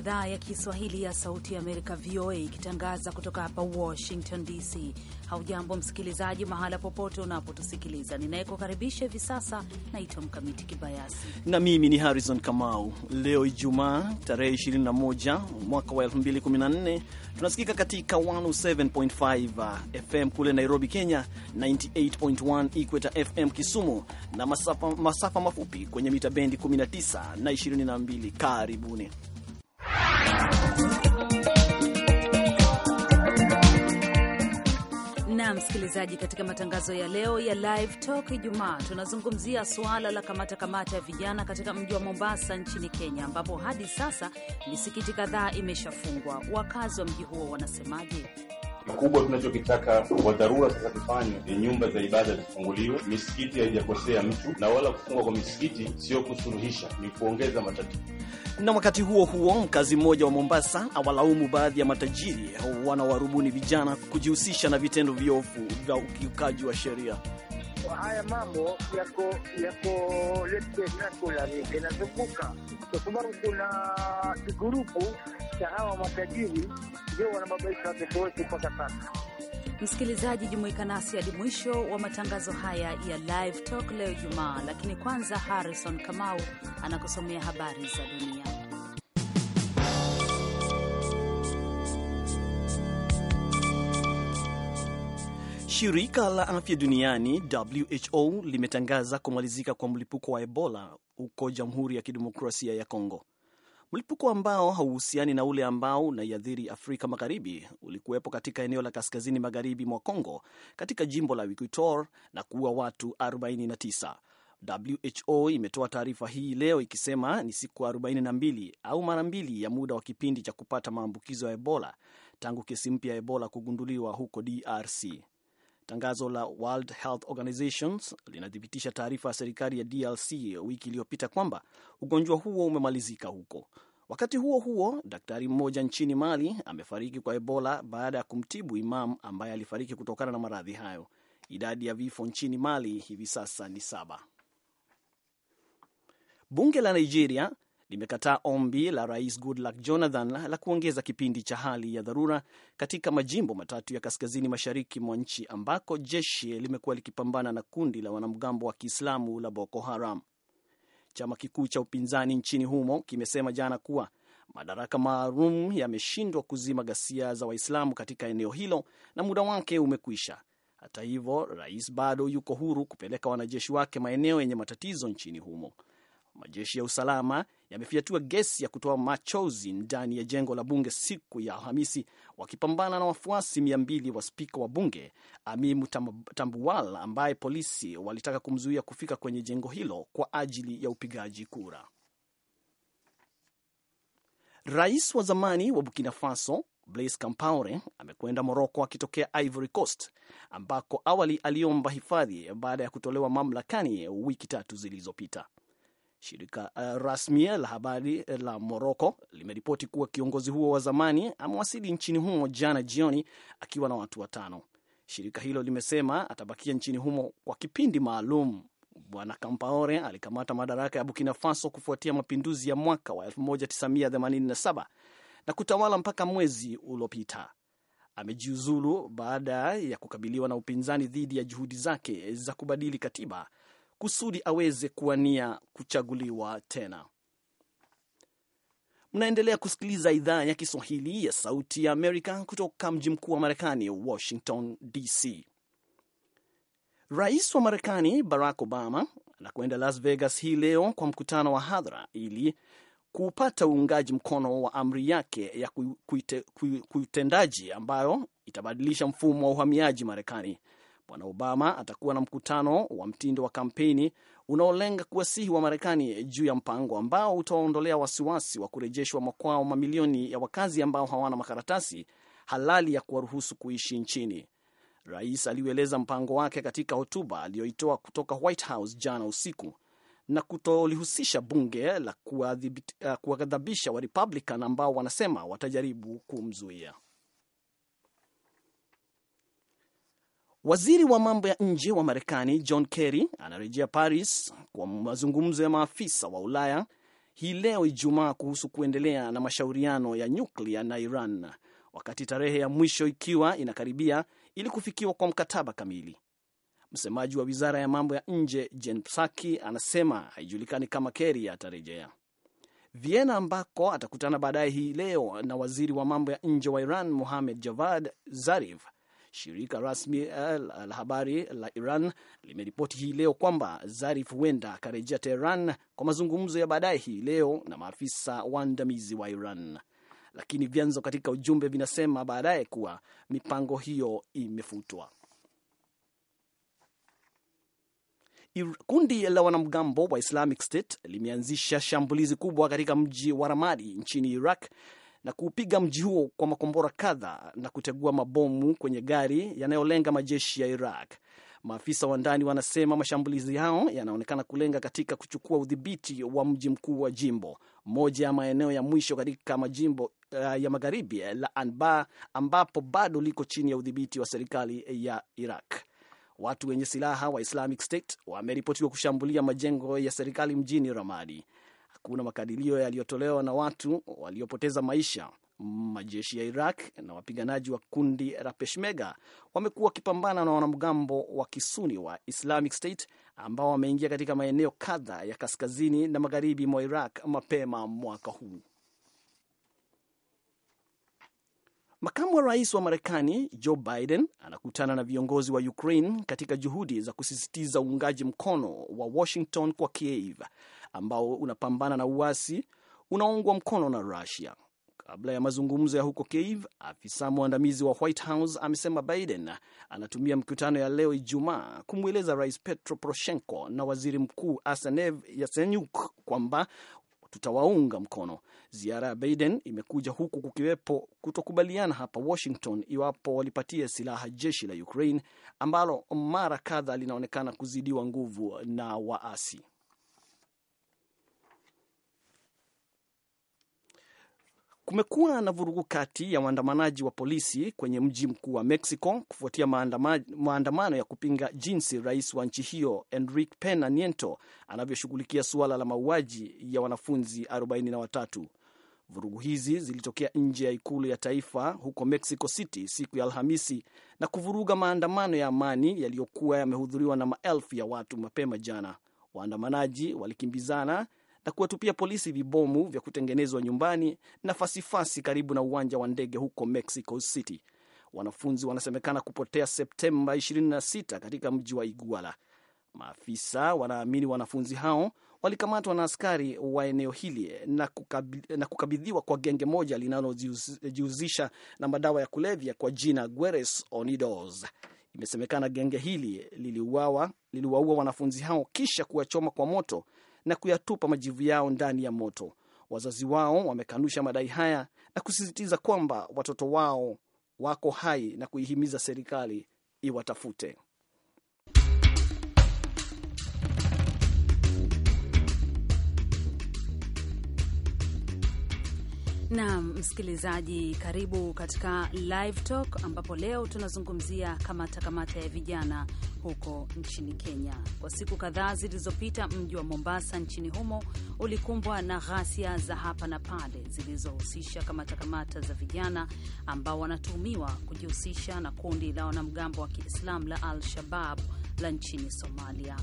idhaa ya Kiswahili ya Sauti ya Amerika, VOA, ikitangaza kutoka hapa Washington DC. Haujambo msikilizaji, mahala popote unapotusikiliza. Ninayekukaribisha hivi sasa naitwa Mkamiti Kibayasi na mimi ni Harrison Kamau. Leo Ijumaa tarehe 21 mwaka wa 2014 tunasikika katika 107.5 FM kule Nairobi, Kenya, 98.1 Ikweta FM Kisumu na masafa, masafa mafupi kwenye mita bendi 19 na 22. Karibuni na msikilizaji, katika matangazo ya leo ya Live Talk Ijumaa tunazungumzia suala la kamata kamata ya vijana katika mji wa Mombasa nchini Kenya, ambapo hadi sasa misikiti kadhaa imeshafungwa. Wakazi wa mji huo wanasemaje? Kikubwa tunachokitaka kwa dharura sasa kifanywe ni nyumba za ibada zifunguliwe. Misikiti haijakosea mtu, na wala kufungwa kwa misikiti sio kusuluhisha, ni kuongeza matatizo. Na wakati huo huo, mkazi mmoja wa Mombasa awalaumu baadhi ya matajiri wanaowarubuni vijana kujihusisha na vitendo viovu vya ukiukaji wa sheria. Haya mambo yako yako inazunguka kwa sababu kuna kigurupu sasa hawa matajiri ndio wanababaisha watoto wetu mpaka sasa. Msikilizaji, jumuika nasi hadi mwisho wa matangazo haya ya Live Talk leo jumaa lakini kwanza Harrison Kamau anakusomea habari za dunia. Shirika la afya duniani WHO limetangaza kumalizika kwa mlipuko wa Ebola huko Jamhuri ya Kidemokrasia ya Kongo. Mlipuko ambao hauhusiani na ule ambao unaiathiri Afrika Magharibi ulikuwepo katika eneo la kaskazini magharibi mwa Congo katika jimbo la Equator na kuua watu 49. WHO imetoa taarifa hii leo ikisema ni siku 42 au mara mbili ya muda wa kipindi cha kupata maambukizo ya Ebola tangu kesi mpya ya Ebola kugunduliwa huko DRC. Tangazo la World Health Organizations linathibitisha taarifa ya serikali ya DRC wiki iliyopita kwamba ugonjwa huo umemalizika huko. Wakati huo huo, daktari mmoja nchini Mali amefariki kwa Ebola baada ya kumtibu imam ambaye alifariki kutokana na maradhi hayo. Idadi ya vifo nchini Mali hivi sasa ni saba. Bunge la Nigeria limekataa ombi la Rais Goodluck Jonathan la kuongeza kipindi cha hali ya dharura katika majimbo matatu ya kaskazini mashariki mwa nchi ambako jeshi limekuwa likipambana na kundi la wanamgambo wa Kiislamu la Boko Haram. Chama kikuu cha upinzani nchini humo kimesema jana kuwa madaraka maalum yameshindwa kuzima ghasia za Waislamu katika eneo hilo na muda wake umekwisha. Hata hivyo, rais bado yuko huru kupeleka wanajeshi wake maeneo yenye matatizo nchini humo majeshi ya usalama yamefyatua gesi ya kutoa machozi ndani ya jengo la bunge siku ya Alhamisi, wakipambana na wafuasi mia mbili wa spika wa bunge Amimu Tambuwal, ambaye polisi walitaka kumzuia kufika kwenye jengo hilo kwa ajili ya upigaji kura. Rais wa zamani wa Burkina Faso Blaise Compaore amekwenda Moroko akitokea Ivory Coast ambako awali aliomba hifadhi baada ya kutolewa mamlakani wiki tatu zilizopita. Shirika uh, rasmi la habari la Moroko limeripoti kuwa kiongozi huo wa zamani amewasili nchini humo jana jioni akiwa na watu watano. Shirika hilo limesema atabakia nchini humo kwa kipindi maalum. Bwana Kampaore alikamata madaraka ya Burkina Faso kufuatia mapinduzi ya mwaka wa 1987 na kutawala mpaka mwezi uliopita. Amejiuzulu baada ya kukabiliwa na upinzani dhidi ya juhudi zake za kubadili katiba kusudi aweze kuwania kuchaguliwa tena. Mnaendelea kusikiliza idhaa ya Kiswahili ya Sauti ya Amerika kutoka mji mkuu wa Marekani, Washington DC. Rais wa Marekani Barack Obama anakwenda Las Vegas hii leo kwa mkutano wa hadhara ili kupata uungaji mkono wa amri yake ya kuitendaji ambayo itabadilisha mfumo wa uhamiaji Marekani. Bwana Obama atakuwa na mkutano wa mtindo wa kampeni unaolenga kuwasihi wa Marekani juu ya mpango ambao utawaondolea wasiwasi wa kurejeshwa makwao mamilioni ya wakazi ambao hawana makaratasi halali ya kuwaruhusu kuishi nchini. Rais aliueleza mpango wake katika hotuba aliyoitoa kutoka White House jana usiku na kutolihusisha bunge la kuwaghadhabisha Republican ambao wanasema watajaribu kumzuia. Waziri wa mambo ya nje wa Marekani John Kerry anarejea Paris kwa mazungumzo ya maafisa wa Ulaya hii leo Ijumaa kuhusu kuendelea na mashauriano ya nyuklia na Iran, wakati tarehe ya mwisho ikiwa inakaribia ili kufikiwa kwa mkataba kamili. Msemaji wa wizara ya mambo ya nje Jen Psaki anasema haijulikani kama Kerry atarejea Vienna ambako atakutana baadaye hii leo na waziri wa mambo ya nje wa Iran Mohamed Javad Zarif Shirika rasmi eh, la habari la Iran limeripoti hii leo kwamba Zarif huenda akarejea Teheran kwa mazungumzo ya baadaye hii leo na maafisa waandamizi wa Iran, lakini vyanzo katika ujumbe vinasema baadaye kuwa mipango hiyo imefutwa. Kundi la wanamgambo wa Islamic State limeanzisha shambulizi kubwa katika mji wa Ramadi nchini Iraq na kuupiga mji huo kwa makombora kadha na kutegua mabomu kwenye gari yanayolenga majeshi ya Iraq. Maafisa wa ndani wanasema mashambulizi yao yanaonekana kulenga katika kuchukua udhibiti wa mji mkuu wa jimbo, moja ya maeneo ya mwisho katika majimbo uh, ya magharibi eh, la Anbar ambapo bado liko chini ya udhibiti wa serikali eh, ya Iraq. Watu wenye silaha wa Islamic State wameripotiwa kushambulia majengo ya serikali mjini Ramadi. Kuna makadirio yaliyotolewa na watu waliopoteza maisha. Majeshi ya Iraq na wapiganaji wa kundi la Peshmerga wamekuwa wakipambana na wanamgambo wa kisuni wa Islamic State ambao wameingia katika maeneo kadha ya kaskazini na magharibi mwa Iraq mapema mwaka huu. Makamu wa rais wa Marekani Joe Biden anakutana na viongozi wa Ukraine katika juhudi za kusisitiza uungaji mkono wa Washington kwa Kiev ambao unapambana na uasi unaungwa mkono na Rusia. Kabla ya mazungumzo ya huko Kiev, afisa mwandamizi wa White House amesema Biden anatumia mkutano ya leo Ijumaa kumweleza Rais Petro Poroshenko na Waziri Mkuu Arsenev Yasenyuk kwamba tutawaunga mkono. Ziara ya Biden imekuja huku kukiwepo kutokubaliana hapa Washington iwapo walipatia silaha jeshi la Ukraine ambalo mara kadha linaonekana kuzidiwa nguvu na waasi. Kumekuwa na vurugu kati ya waandamanaji wa polisi kwenye mji mkuu wa Mexico kufuatia maandamano ya kupinga jinsi rais wa nchi hiyo Enrique Pena Nieto anavyoshughulikia suala la mauaji ya wanafunzi 43. Vurugu hizi zilitokea nje ya ikulu ya taifa huko Mexico City siku ya Alhamisi na kuvuruga maandamano ya amani yaliyokuwa yamehudhuriwa na maelfu ya watu mapema jana. Waandamanaji walikimbizana na kuwatupia polisi vibomu vya kutengenezwa nyumbani na fasifasi karibu na uwanja wa ndege huko Mexico City. Wanafunzi wanasemekana kupotea Septemba 26 katika mji wa Iguala. Maafisa wanaamini wanafunzi hao walikamatwa na askari wa eneo hili na kukabidhiwa kwa genge moja linalojihusisha na madawa ya kulevya kwa jina Gueres Onidos. Imesemekana genge hili liliwaua wanafunzi hao kisha kuwachoma kwa moto na kuyatupa majivu yao ndani ya moto. Wazazi wao wamekanusha madai haya na kusisitiza kwamba watoto wao wako hai na kuihimiza serikali iwatafute. Naam, msikilizaji, karibu katika Live Talk ambapo leo tunazungumzia kamata kamata ya vijana huko nchini Kenya. Kwa siku kadhaa zilizopita, mji wa Mombasa nchini humo ulikumbwa na ghasia za hapa na pale zilizohusisha kamata kamata za vijana ambao wanatuhumiwa kujihusisha na kundi la wanamgambo wa Kiislamu la Al-Shabab la nchini Somalia.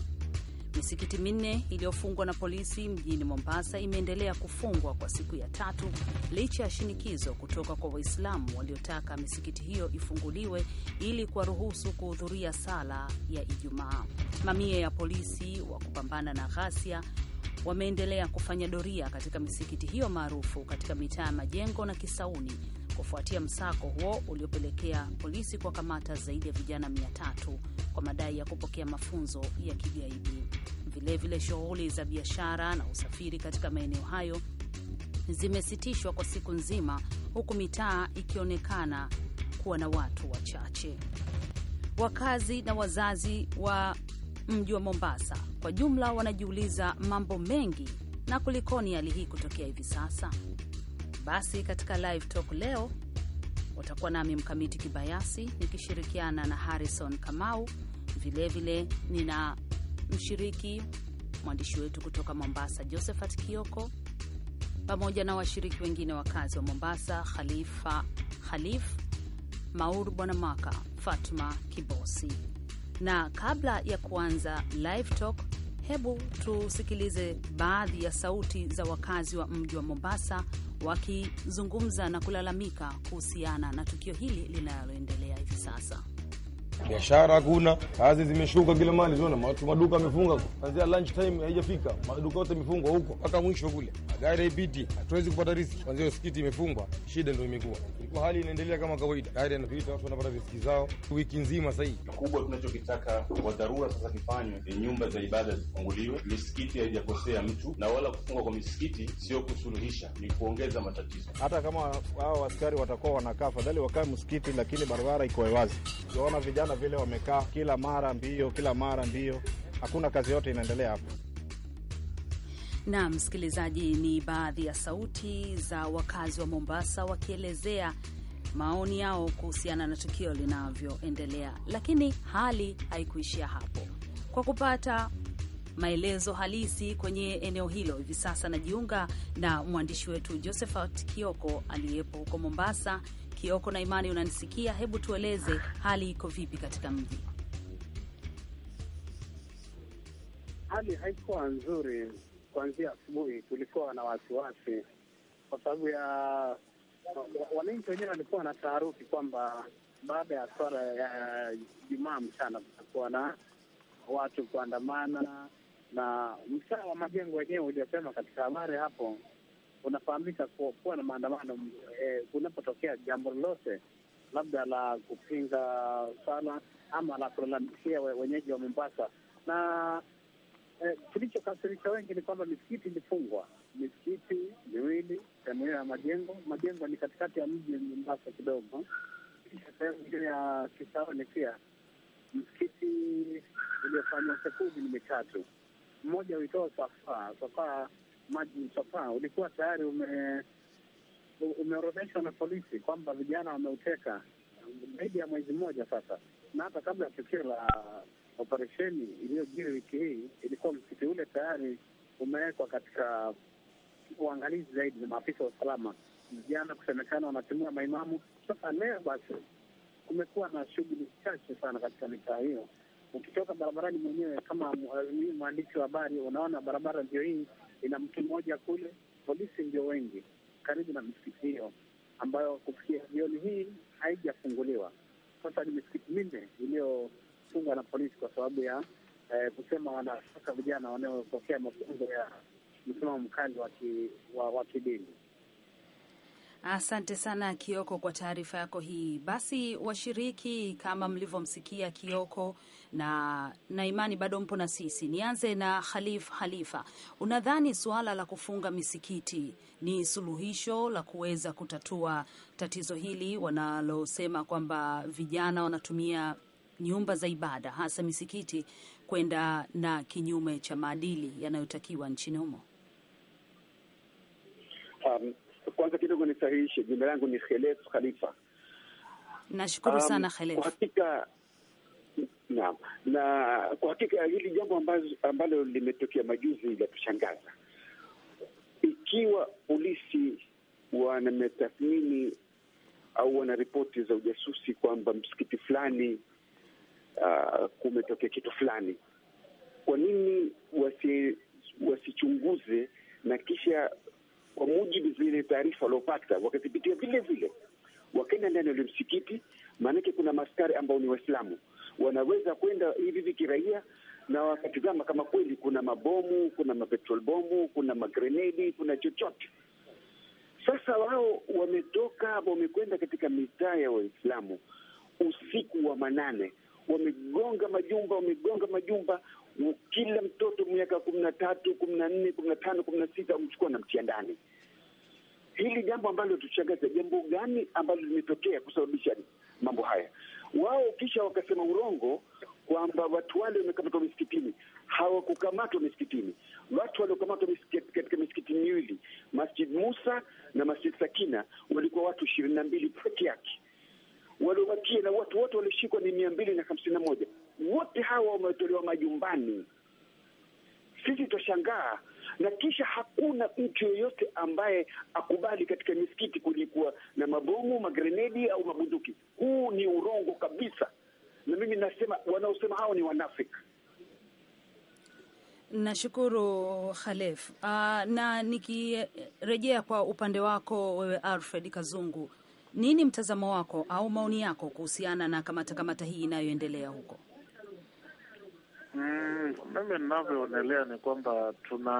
Misikiti minne iliyofungwa na polisi mjini Mombasa imeendelea kufungwa kwa siku ya tatu licha ya shinikizo kutoka kwa Waislamu waliotaka misikiti hiyo ifunguliwe ili kuwaruhusu kuhudhuria sala ya Ijumaa. Mamia ya polisi wa kupambana na ghasia wameendelea kufanya doria katika misikiti hiyo maarufu katika mitaa ya Majengo na Kisauni kufuatia msako huo uliopelekea polisi kwa kamata zaidi ya vijana 300 kwa madai ya kupokea mafunzo ya kigaidi. Vilevile, shughuli za biashara na usafiri katika maeneo hayo zimesitishwa kwa siku nzima, huku mitaa ikionekana kuwa na watu wachache. Wakazi na wazazi wa mji wa Mombasa kwa jumla wanajiuliza mambo mengi na kulikoni hali hii kutokea hivi sasa. Basi katika live talk leo utakuwa nami Mkamiti Kibayasi nikishirikiana na Harrison Kamau. Vilevile vile, nina mshiriki mwandishi wetu kutoka Mombasa Josephat Kioko, pamoja na washiriki wengine wakazi wa Mombasa Khalifa Khalif Maur Bwanamaka, Fatma Kibosi. Na kabla ya kuanza live talk, hebu tusikilize baadhi ya sauti za wakazi wa mji wa Mombasa wakizungumza na kulalamika kuhusiana na tukio hili linaloendelea hivi sasa biashara hakuna, kazi zimeshuka, kila mahali. tunaona watu, maduka amefunga kuanzia lunch time, haijafika maduka yote imefungwa huko mpaka mwisho kule, magari haipiti, hatuwezi kupata riziki. Kwanzia msikiti imefungwa, shida ndio imekuwa, ilikuwa hali inaendelea kama kawaida, gari yanapita, watu wanapata riziki zao wiki nzima. Sahii kikubwa tunachokitaka kwa dharura sasa kifanywe ni nyumba za ibada zifunguliwe. Misikiti haijakosea mtu, na wala kufungwa kwa misikiti sio kusuluhisha, ni kuongeza matatizo. Hata kama hao askari watakuwa wanakaa, fadhali wakae msikiti, lakini barabara iko wazi. Tunaona vijana jana vile wamekaa kila mara mbio, kila mara mbio, hakuna kazi yote inaendelea hapo. Na msikilizaji, ni baadhi ya sauti za wakazi wa Mombasa wakielezea maoni yao kuhusiana na tukio linavyoendelea, lakini hali haikuishia hapo. Kwa kupata maelezo halisi kwenye eneo hilo, hivi sasa najiunga na mwandishi wetu Josephat Kioko aliyepo huko Mombasa. Kioko na Imani, unanisikia? Hebu tueleze hali iko vipi katika mji? Hali haikuwa nzuri kuanzia asubuhi, tulikuwa na wasiwasi kwa sababu ya wananchi wenyewe walikuwa na taharuki kwamba baada ya swala ya Jumaa mchana kutakuwa na watu kuandamana, na mtaa wa majengo wenyewe uliosema katika habari hapo unafahamika kuwa, kuwa na maandamano eh, kunapotokea jambo lolote labda la kupinga sana ama la kulalamikia we, wenyeji wa Mombasa na eh, kilichokasirisha wengi ni kwamba misikiti ilifungwa, misikiti miwili sehemu hiyo ya majengo. Majengo ni katikati ya mji Mombasa kidogo, kisha sehemu hiyo ya Kisaoni pia msikiti uliofanya usekuzi ni mitatu, mmoja uitoa Safaa Safaa maji Msafaa ulikuwa tayari ume umeorodheshwa na polisi kwamba vijana wameuteka zaidi ya mwezi mmoja sasa, na hata kabla ya tukio la operesheni iliyojiri wiki hii, ilikuwa msiti ule tayari umewekwa katika uangalizi zaidi na maafisa wa usalama, vijana kusemekana wanatimua maimamu. Sasa leo basi kumekuwa na shughuli chache sana katika mitaa hiyo. Ukitoka barabarani mwenyewe kama mwandishi wa habari, unaona barabara ndio hii ina mtu mmoja kule. Polisi ndio wengi karibu na misikiti hiyo ambayo kufikia jioni hii haijafunguliwa. Sasa ni misikiti minne iliyofungwa na polisi kwa sababu ya eh, kusema wanasaka vijana wanaopokea mafunzo ya msimamo mkali wa kidini. Asante sana Kioko kwa taarifa yako hii. Basi washiriki, kama mlivyomsikia Kioko na na imani, bado mpo na sisi. Nianze na Khalif Halifa, unadhani suala la kufunga misikiti ni suluhisho la kuweza kutatua tatizo hili wanalosema kwamba vijana wanatumia nyumba za ibada hasa misikiti kwenda na kinyume cha maadili yanayotakiwa nchini humo? um. Kwanza kidogo nisahihishe, jina langu ni Khelef Khalifa. Nashukuru um, sana Khelef. hakika na, na kwa hakika hili jambo ambazo, ambalo limetokea majuzi la kushangaza. Ikiwa polisi wanametathmini au wana ripoti za ujasusi kwamba msikiti fulani uh, kumetokea kitu fulani, kwa nini wasi, wasichunguze na kisha kwa mujibu zile taarifa waliopata wakazipitia vile vile, wakenda ndani walimsikiti msikiti, maanake kuna maskari ambao ni Waislamu wanaweza kwenda hivi kiraia na wakatizama kama kweli kuna mabomu, kuna mapetrol bomu, kuna magrenedi, kuna chochote. Sasa wao wametoka, wamekwenda katika mitaa ya Waislamu usiku wa manane, wamegonga majumba, wamegonga majumba. Kila mtoto miaka kumi na tatu, kumi na nne, kumi na tano, kumi na sita wamechukua na mtia ndani hili jambo ambalo tushangaza, jambo gani ambalo limetokea kusababisha mambo haya? Wao kisha wakasema urongo kwamba watu wale wamekamatwa misikitini. Hawakukamatwa misikitini, watu waliokamatwa katika misikiti miwili, Masjid Musa na Masjid Sakina, walikuwa watu ishirini na mbili peke yake waliobakia, na watu wote walioshikwa ni mia mbili na hamsini na moja. Wote hawa wametolewa majumbani. Sisi twashangaa na kisha hakuna mtu yoyote ambaye akubali katika misikiti kulikuwa na mabomu, magrenedi au mabunduki. Huu ni urongo kabisa, na mimi nasema wanaosema hao ni wanafiki. Nashukuru Khalef. Uh, na nikirejea kwa upande wako wewe Alfred Kazungu, nini mtazamo wako au maoni yako kuhusiana na kamata kamata hii inayoendelea huko? Mm, mimi ninavyoonelea ni kwamba tuna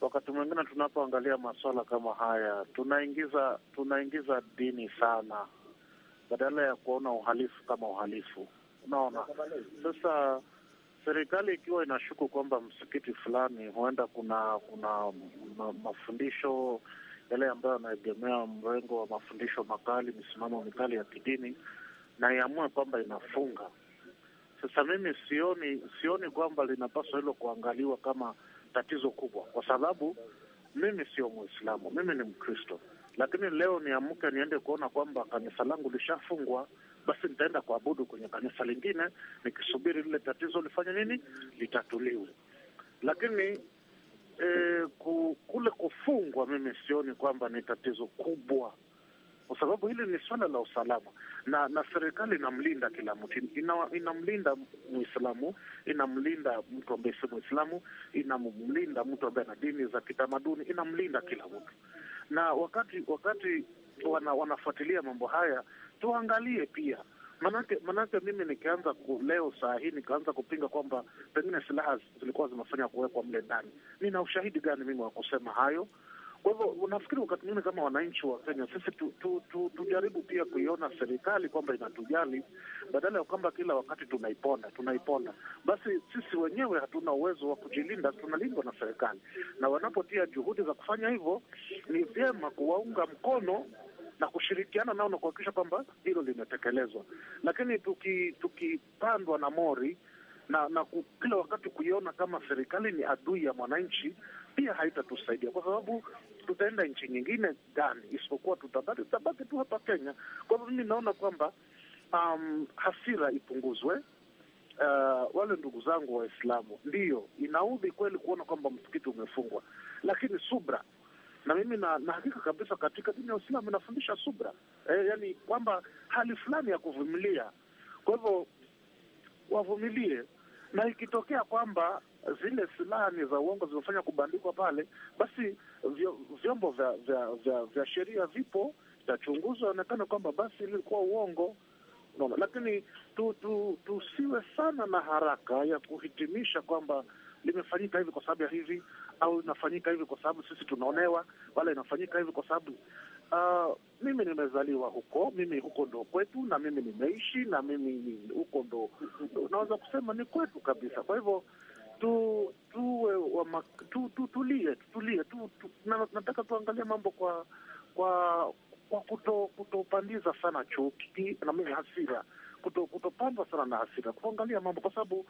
wakati mwingine tunapoangalia masuala kama haya tunaingiza tunaingiza dini sana badala ya kuona uhalifu kama uhalifu. Unaona, sasa serikali ikiwa inashuku kwamba msikiti fulani huenda kuna kuna mafundisho yale ambayo yanaegemea mrengo wa mafundisho makali, misimamo mikali ya kidini, na iamue kwamba inafunga sasa mimi sioni, sioni kwamba linapaswa hilo kuangaliwa kama tatizo kubwa, kwa sababu mimi sio Muislamu, mimi ni Mkristo, lakini leo niamke niende kuona kwamba kanisa langu lishafungwa basi nitaenda kuabudu kwenye kanisa lingine nikisubiri lile tatizo lifanye nini, litatuliwe. Lakini e, kule kufungwa mimi sioni kwamba ni tatizo kubwa kwa sababu hili ni suala la usalama, na na serikali inamlinda kila mtu, inamlinda muislamu inamlinda mtu ambaye si muislamu inamlinda mtu ambaye ana dini za kitamaduni, inamlinda kila mtu. Na wakati wakati wana, wanafuatilia mambo haya, tuangalie pia Manake, manake mimi nikianza leo saa hii nikaanza kupinga kwamba pengine silaha zilikuwa zinafanya kuwekwa mle ndani, nina ushahidi gani mimi wa kusema hayo? Kwa hivyo unafikiri wakati mwingine kama wananchi wa Kenya sisi tu, tu, tu, tujaribu pia kuiona serikali kwamba inatujali badala ya kwamba kila wakati tunaiponda tunaiponda. Basi sisi wenyewe hatuna uwezo wa kujilinda, tunalindwa na serikali, na wanapotia juhudi za kufanya hivyo, ni vyema kuwaunga mkono na kushirikiana nao na kuhakikisha kwamba hilo limetekelezwa. Lakini tukipandwa tuki na mori na, na kila wakati kuiona kama serikali ni adui ya mwananchi, pia haitatusaidia kwa sababu tutaenda nchi nyingine gani isipokuwa tutabaki tutabaki tu hapa Kenya. Kwa hivyo mimi naona kwamba um, hasira ipunguzwe. Uh, wale ndugu zangu Waislamu, ndiyo inaudhi kweli kuona kwamba msikiti umefungwa, lakini subra na mimi na, na hakika kabisa katika dini ya Uislamu inafundisha subra eh, yani kwamba hali fulani ya kuvumilia. Kwa hivyo wavumilie na ikitokea kwamba zile silaha ni za uongo zimefanywa kubandikwa pale, basi vyombo vya vya vya, vya sheria vipo, itachunguzwa aonekana kwamba basi ilikuwa uongo. Naona, lakini tu, tu, tusiwe sana na haraka ya kuhitimisha kwamba limefanyika hivi kwa sababu ya hivi au inafanyika hivi kwa sababu sisi tunaonewa, wala inafanyika hivi kwa sababu Uh, mimi nimezaliwa huko, mimi huko ndo kwetu, na mimi nimeishi na mimi huko ndo, unaweza kusema ni kwetu kabisa. Kwa hivyo tu tuwe tu, tu, tulie tutulie tu, tu, na, nataka tuangalie mambo kwa kwa kwa kuto kutopandiza sana chuki na mimi hasira, kuto kutopandwa sana na hasira, kuangalia mambo kwa sababu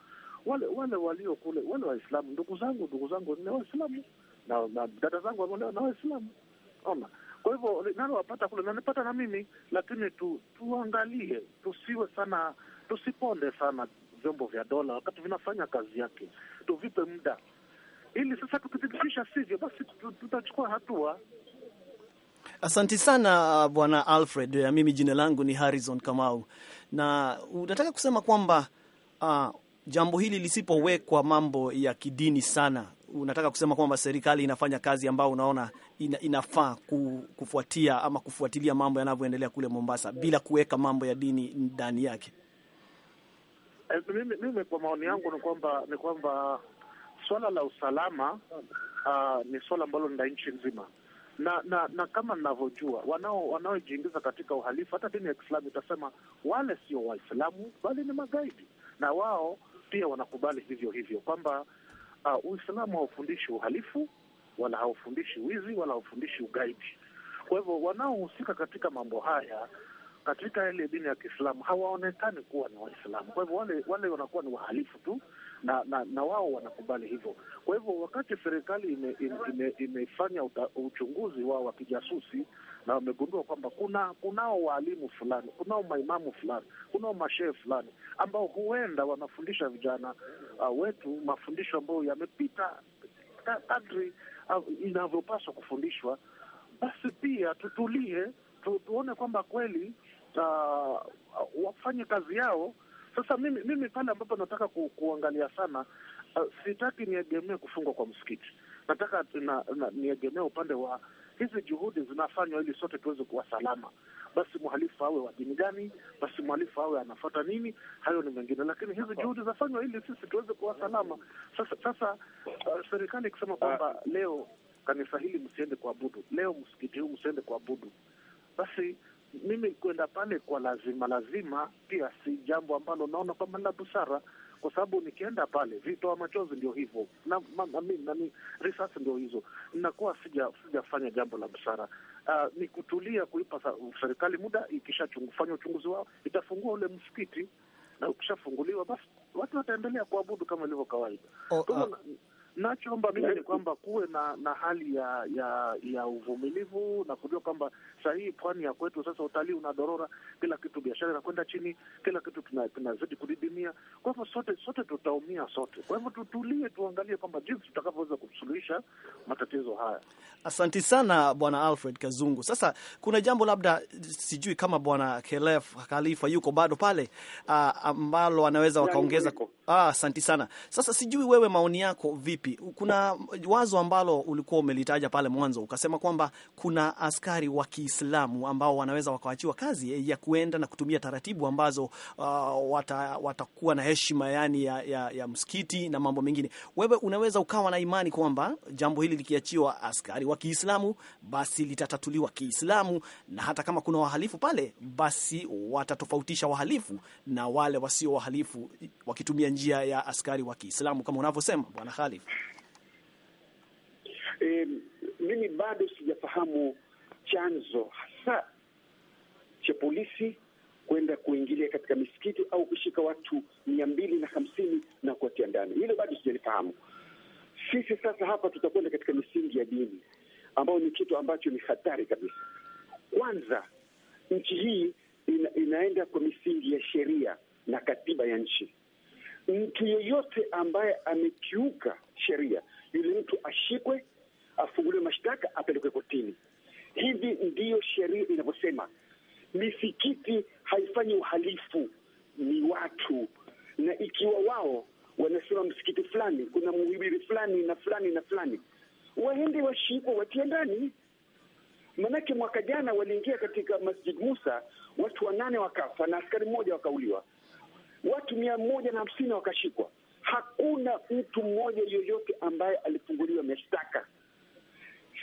wale wale walio kule wale Waislamu ndugu zangu ndugu zangu ni Waislamu na, na dada zangu na Waislamu ona kwa hivyo linalowapata kule nanipata na mimi, lakini tu, tuangalie, tusiwe sana, tusiponde sana vyombo vya dola wakati vinafanya kazi yake, tuvipe muda ili sasa, tukithibitisha sivyo, basi tutachukua hatua. asanti sana uh, Bwana Alfred. Mimi jina langu ni Harrison Kamau, na unataka kusema kwamba uh, jambo hili lisipowekwa mambo ya kidini sana unataka kusema kwamba serikali inafanya kazi ambayo unaona ina, inafaa kufuatia ama kufuatilia mambo yanavyoendelea kule Mombasa bila kuweka mambo ya dini ndani yake? Eh, mimi, mimi kwa maoni yangu ni kwamba ni kwamba swala la usalama uh, ni swala ambalo ni la nchi nzima, na na na kama ninavyojua wanao wanaojiingiza katika uhalifu, hata dini ya Kiislamu itasema wale sio Waislamu bali ni magaidi, na wao pia wanakubali hivyo hivyo kwamba Uh, Uislamu haufundishi uhalifu wala haufundishi wizi wala haufundishi ugaidi. Kwa hivyo wanaohusika katika mambo haya katika ile dini ya Kiislamu hawaonekani kuwa ni Waislamu. Kwa hivyo wale wale wanakuwa ni wahalifu tu, na na, na wao wanakubali hivyo. Kwa hivyo wakati serikali imefanya ime, ime, ime uchunguzi wao wa kijasusi na wamegundua kwamba kuna kunao waalimu fulani, kunao maimamu fulani, kunao mashehe fulani ambao huenda wanafundisha vijana uh, wetu mafundisho ambayo yamepita kadri uh, inavyopaswa kufundishwa, basi pia tutulie tu, tuone kwamba kweli uh, wafanye kazi yao. Sasa mimi, mimi pale ambapo nataka ku, kuangalia sana uh, sitaki niegemee kufungwa kwa msikiti, nataka na, na, niegemee upande wa hizi juhudi zinafanywa ili sote tuweze kuwa salama. Basi mhalifu awe wa dini gani, basi mhalifu awe anafata nini, hayo ni mengine, lakini hizi juhudi zinafanywa ili sisi tuweze kuwa salama. Sasa, sasa uh, serikali ikisema kwamba uh, leo kanisa hili msiende kuabudu, leo msikiti huu msiende kuabudu, basi mimi kwenda pale kwa lazima lazima pia si jambo ambalo naona kwamba la busara kwa sababu nikienda pale vitoa machozi ndio hivyo na, ma, na, na, na, risasi ndio hizo, ninakuwa sijafanya jambo la busara. Uh, ni kutulia kuipa serikali muda, ikishafanya uchunguzi wao itafungua ule msikiti na ukishafunguliwa basi watu wataendelea kuabudu kama ilivyo kawaida. Oh, uh, Nachoomba mimi ni kwamba kuwe na na hali ya ya ya uvumilivu na kujua kwamba saa hii pwani ya kwetu sasa utalii unadorora, kila kitu, biashara inakwenda chini, kila kitu kinazidi kudidimia. Kwa hivyo sote sote tutaumia sote. Kwa hivyo tutulie, tuangalie kwamba jinsi tutakavyoweza kusuluhisha matatizo haya. Asanti sana Bwana Alfred Kazungu. Sasa kuna jambo labda, sijui kama Bwana Kelef Khalifa yuko bado pale, ah, ambalo anaweza yaani wakaongeza. Ah, asanti sana. Sasa sijui wewe maoni yako vipi? vipi? Kuna wazo ambalo ulikuwa umelitaja pale mwanzo, ukasema kwamba kuna askari wa Kiislamu ambao wanaweza wakaachiwa kazi ya kuenda na kutumia taratibu ambazo uh, wata, watakuwa na heshima yani ya, ya, ya msikiti na mambo mengine. Wewe unaweza ukawa na imani kwamba jambo hili likiachiwa askari wa Kiislamu basi litatatuliwa Kiislamu, na hata kama kuna wahalifu pale, basi watatofautisha wahalifu na wale wasio wahalifu wakitumia njia ya askari wa Kiislamu kama unavyosema Bwana Khalif. Eh, mimi bado sijafahamu chanzo hasa cha polisi kwenda kuingilia katika misikiti au kushika watu mia mbili na hamsini na kuwatia ndani. Hilo bado sijalifahamu. Sisi sasa hapa tutakwenda katika misingi ya dini ambayo ni kitu ambacho ni hatari kabisa. Kwanza, nchi hii ina, inaenda kwa misingi ya sheria na katiba ya nchi. Mtu yeyote ambaye amekiuka sheria, yule mtu ashikwe afunguliwe mashtaka, apelekwe kotini. Hivi ndiyo sheria inavyosema. Misikiti haifanyi uhalifu, ni watu. Na ikiwa wao wanasema msikiti fulani kuna mhubiri fulani na fulani na fulani, waende washikwe, watie ndani. Manake mwaka jana waliingia katika Masjid Musa watu wanane wakafa na askari mmoja wakauliwa, watu mia moja na hamsini wakashikwa. Hakuna mtu mmoja yoyote ambaye alifunguliwa mashtaka.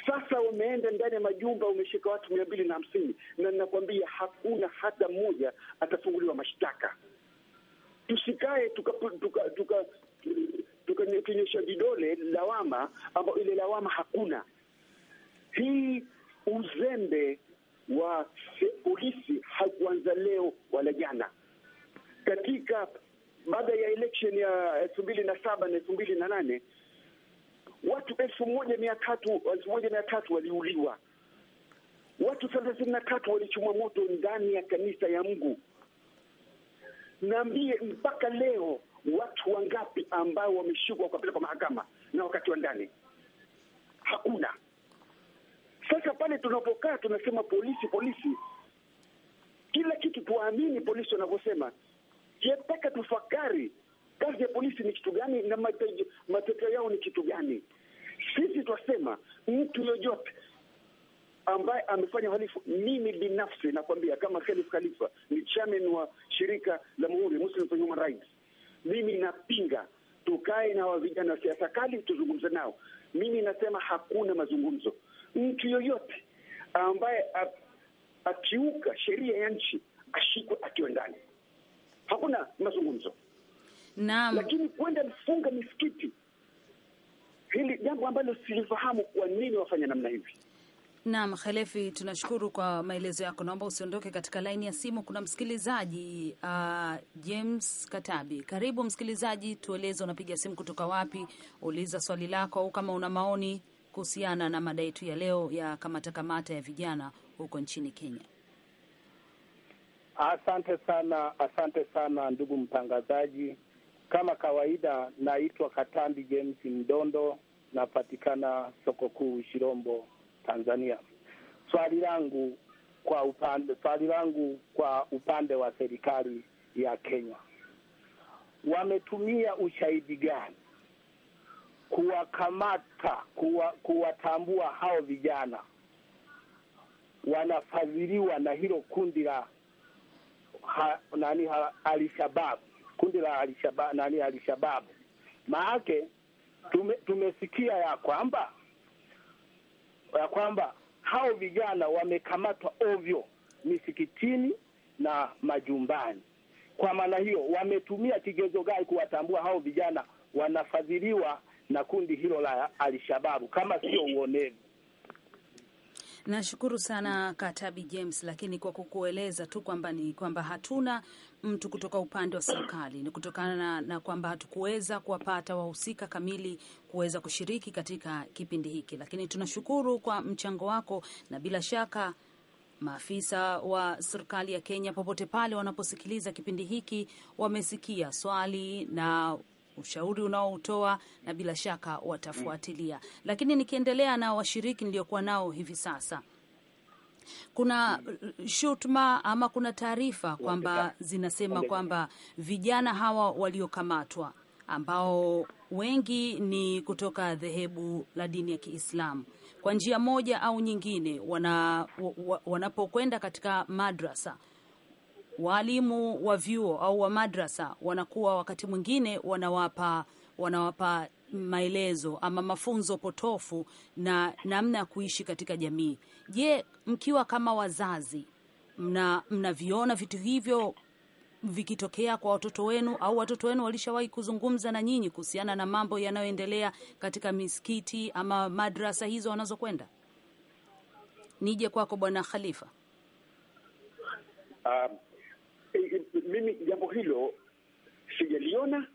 Sasa wameenda ndani ya majumba, wameshika watu mia mbili na hamsini na ninakwambia hakuna hata mmoja atafunguliwa mashtaka. Tusikae tukakinyesha tuka, tuka, tuka, tuka vidole lawama, ambayo ile lawama hakuna. Hii uzembe wa polisi haikuanza leo wala jana. Katika baada ya election ya elfu mbili na saba na elfu mbili na nane watu elfu moja mia tatu elfu moja mia tatu waliuliwa, watu thelathini na tatu walichomwa moto ndani ya kanisa ya Mungu. Naambie, mpaka leo watu wangapi ambao wameshikwa wakapelekwa mahakama na wakati wa ndani? Hakuna. Sasa pale tunapokaa tunasema polisi, polisi, kila kitu tuwaamini polisi wanavyosema. Yataka tufakari Kazi ya polisi ni kitu gani na matokeo yao ni kitu gani? Sisi twasema mtu yoyote ambaye amefanya uhalifu, mimi binafsi nakwambia, kama Khalif Khalifa ni chairman wa shirika la Muhuri Muslim for Human Rights, mimi napinga. Tukae na vijana wa siasa kali, tuzungumze nao. Mimi nasema hakuna mazungumzo. Mtu yoyote ambaye akiuka sheria ya nchi ashikwe akiwe ndani, hakuna mazungumzo. Naam. Lakini kwenda mfunga misikiti, hili jambo ambalo silifahamu, kwa nini wafanya namna hivi. Naam, Khalefi, tunashukuru kwa maelezo yako. Naomba usiondoke katika laini ya simu, kuna msikilizaji uh, James Katabi. Karibu msikilizaji, tueleze unapiga simu kutoka wapi, uliza swali lako au kama una maoni kuhusiana na mada yetu ya leo ya kamata kamata ya vijana huko nchini Kenya. Asante sana, asante sana ndugu mtangazaji. Kama kawaida, naitwa Katambi James Mdondo, napatikana soko kuu Shirombo, Tanzania. Swali langu kwa upande swali langu kwa upande wa serikali ya Kenya, wametumia ushahidi gani kuwakamata kuwa, kuwatambua hao vijana wanafadhiliwa na hilo kundi la ha, nani ha, Alshabab kundi la alishababu nani Alshabab. Maake tume, tumesikia ya kwamba ya kwamba hao vijana wamekamatwa ovyo misikitini na majumbani. Kwa maana hiyo, wametumia kigezo gani kuwatambua hao vijana wanafadhiliwa na kundi hilo la Alshababu kama sio uonevu? Nashukuru sana Katabi James, lakini kwa kukueleza tu kwamba ni kwamba hatuna mtu kutoka upande wa serikali ni kutokana na, na kwamba hatukuweza kuwapata wahusika kamili kuweza kushiriki katika kipindi hiki, lakini tunashukuru kwa mchango wako na bila shaka maafisa wa serikali ya Kenya popote pale wanaposikiliza kipindi hiki wamesikia swali na ushauri unaoutoa na bila shaka watafuatilia. Lakini nikiendelea na washiriki niliokuwa nao hivi sasa kuna uh, shutuma ama kuna taarifa kwamba zinasema kwamba vijana hawa waliokamatwa ambao wengi ni kutoka dhehebu la dini ya Kiislamu kwa njia moja au nyingine, wana, wanapokwenda katika madrasa waalimu wa vyuo au wa madrasa wanakuwa wakati mwingine wanawapa wanawapa maelezo ama mafunzo potofu na namna ya kuishi katika jamii. Je, mkiwa kama wazazi mna mnaviona vitu hivyo vikitokea kwa watoto wenu au watoto wenu walishawahi kuzungumza na nyinyi kuhusiana na mambo yanayoendelea katika misikiti ama madrasa hizo wanazokwenda? Nije kwako Bwana Khalifa. Uh, mimi jambo hilo sijaliona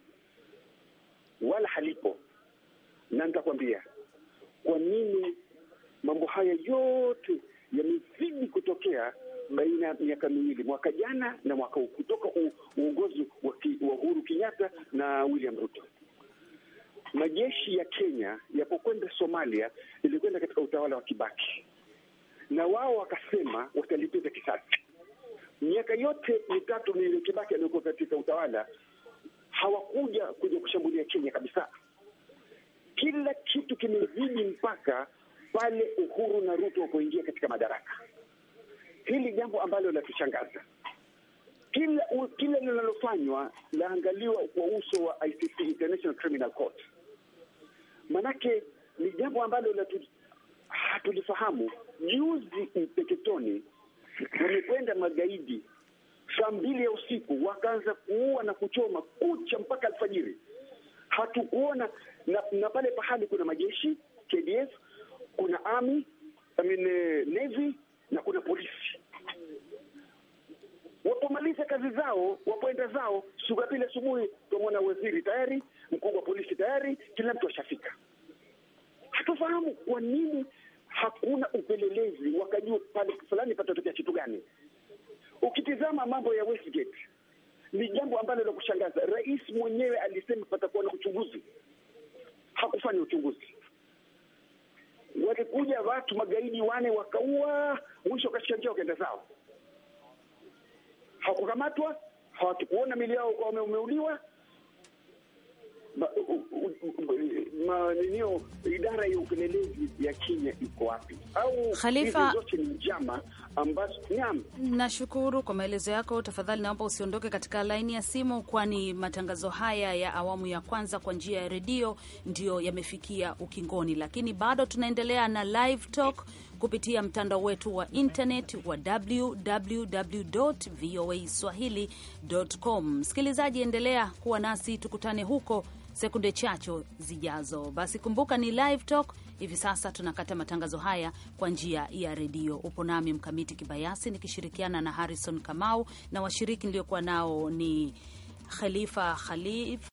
wala halipo na nitakwambia kwa nini mambo haya yote yamezidi kutokea baina ya miaka miwili, mwaka jana na mwaka huu, kutoka uongozi wa Uhuru Kenyatta na William Ruto. Majeshi ya Kenya yapokwenda Somalia ilikwenda katika utawala wa Kibaki, na wao wakasema watalipiza kisasi. Miaka yote mitatu ile Kibaki aliokuwa katika utawala hawakuja kuja kushambulia Kenya kabisa kila kitu kimezidi mpaka pale Uhuru na Ruto kuingia katika madaraka. Hili jambo ambalo latushangaza. Kila kila linalofanywa laangaliwa kwa uso wa ICC, International Criminal Court, manake ni jambo ambalo hatulifahamu. Juzi Mpeketoni wamekwenda magaidi saa mbili ya usiku wakaanza kuua na kuchoma kucha mpaka alfajiri. Hatukuona na, na pale pahali kuna majeshi KDF, kuna army I mean, eh, navy na kuna polisi. Wapomaliza kazi zao, wapoenda zao suka pili asubuhi, tumeona waziri tayari, mkuu wa polisi tayari, kila mtu ashafika. Hatufahamu kwa nini hakuna upelelezi, wakajua pale fulani patatokea kitu gani. Ukitizama mambo ya Westgate ni jambo ambalo la kushangaza. Rais mwenyewe alisema patakuwa na uchunguzi hakufanya uchunguzi. Walikuja watu magaidi wane, wakaua, mwisho wakashika njia, wakaenda zao, hawakukamatwa, hawatukuona mili yao umeuliwa wameuliwa idara ya upelelezi ya Kenya iko wapi? Au Khalifa, zote ni njama ambazo. Naam, nashukuru kwa maelezo yako. Tafadhali naomba usiondoke katika laini ya simu, kwani matangazo haya ya awamu ya kwanza kwa njia ya redio ndiyo yamefikia ukingoni, lakini bado tunaendelea na live talk kupitia mtandao wetu wa internet wa swahili.com. Msikilizaji, endelea kuwa nasi, tukutane huko sekunde chache zijazo. Basi kumbuka ni live talk hivi sasa, tunakata matangazo haya kwa njia ya redio. Upo nami Mkamiti Kibayasi nikishirikiana na Harrison Kamau na washiriki niliokuwa nao ni Khalifa Khalif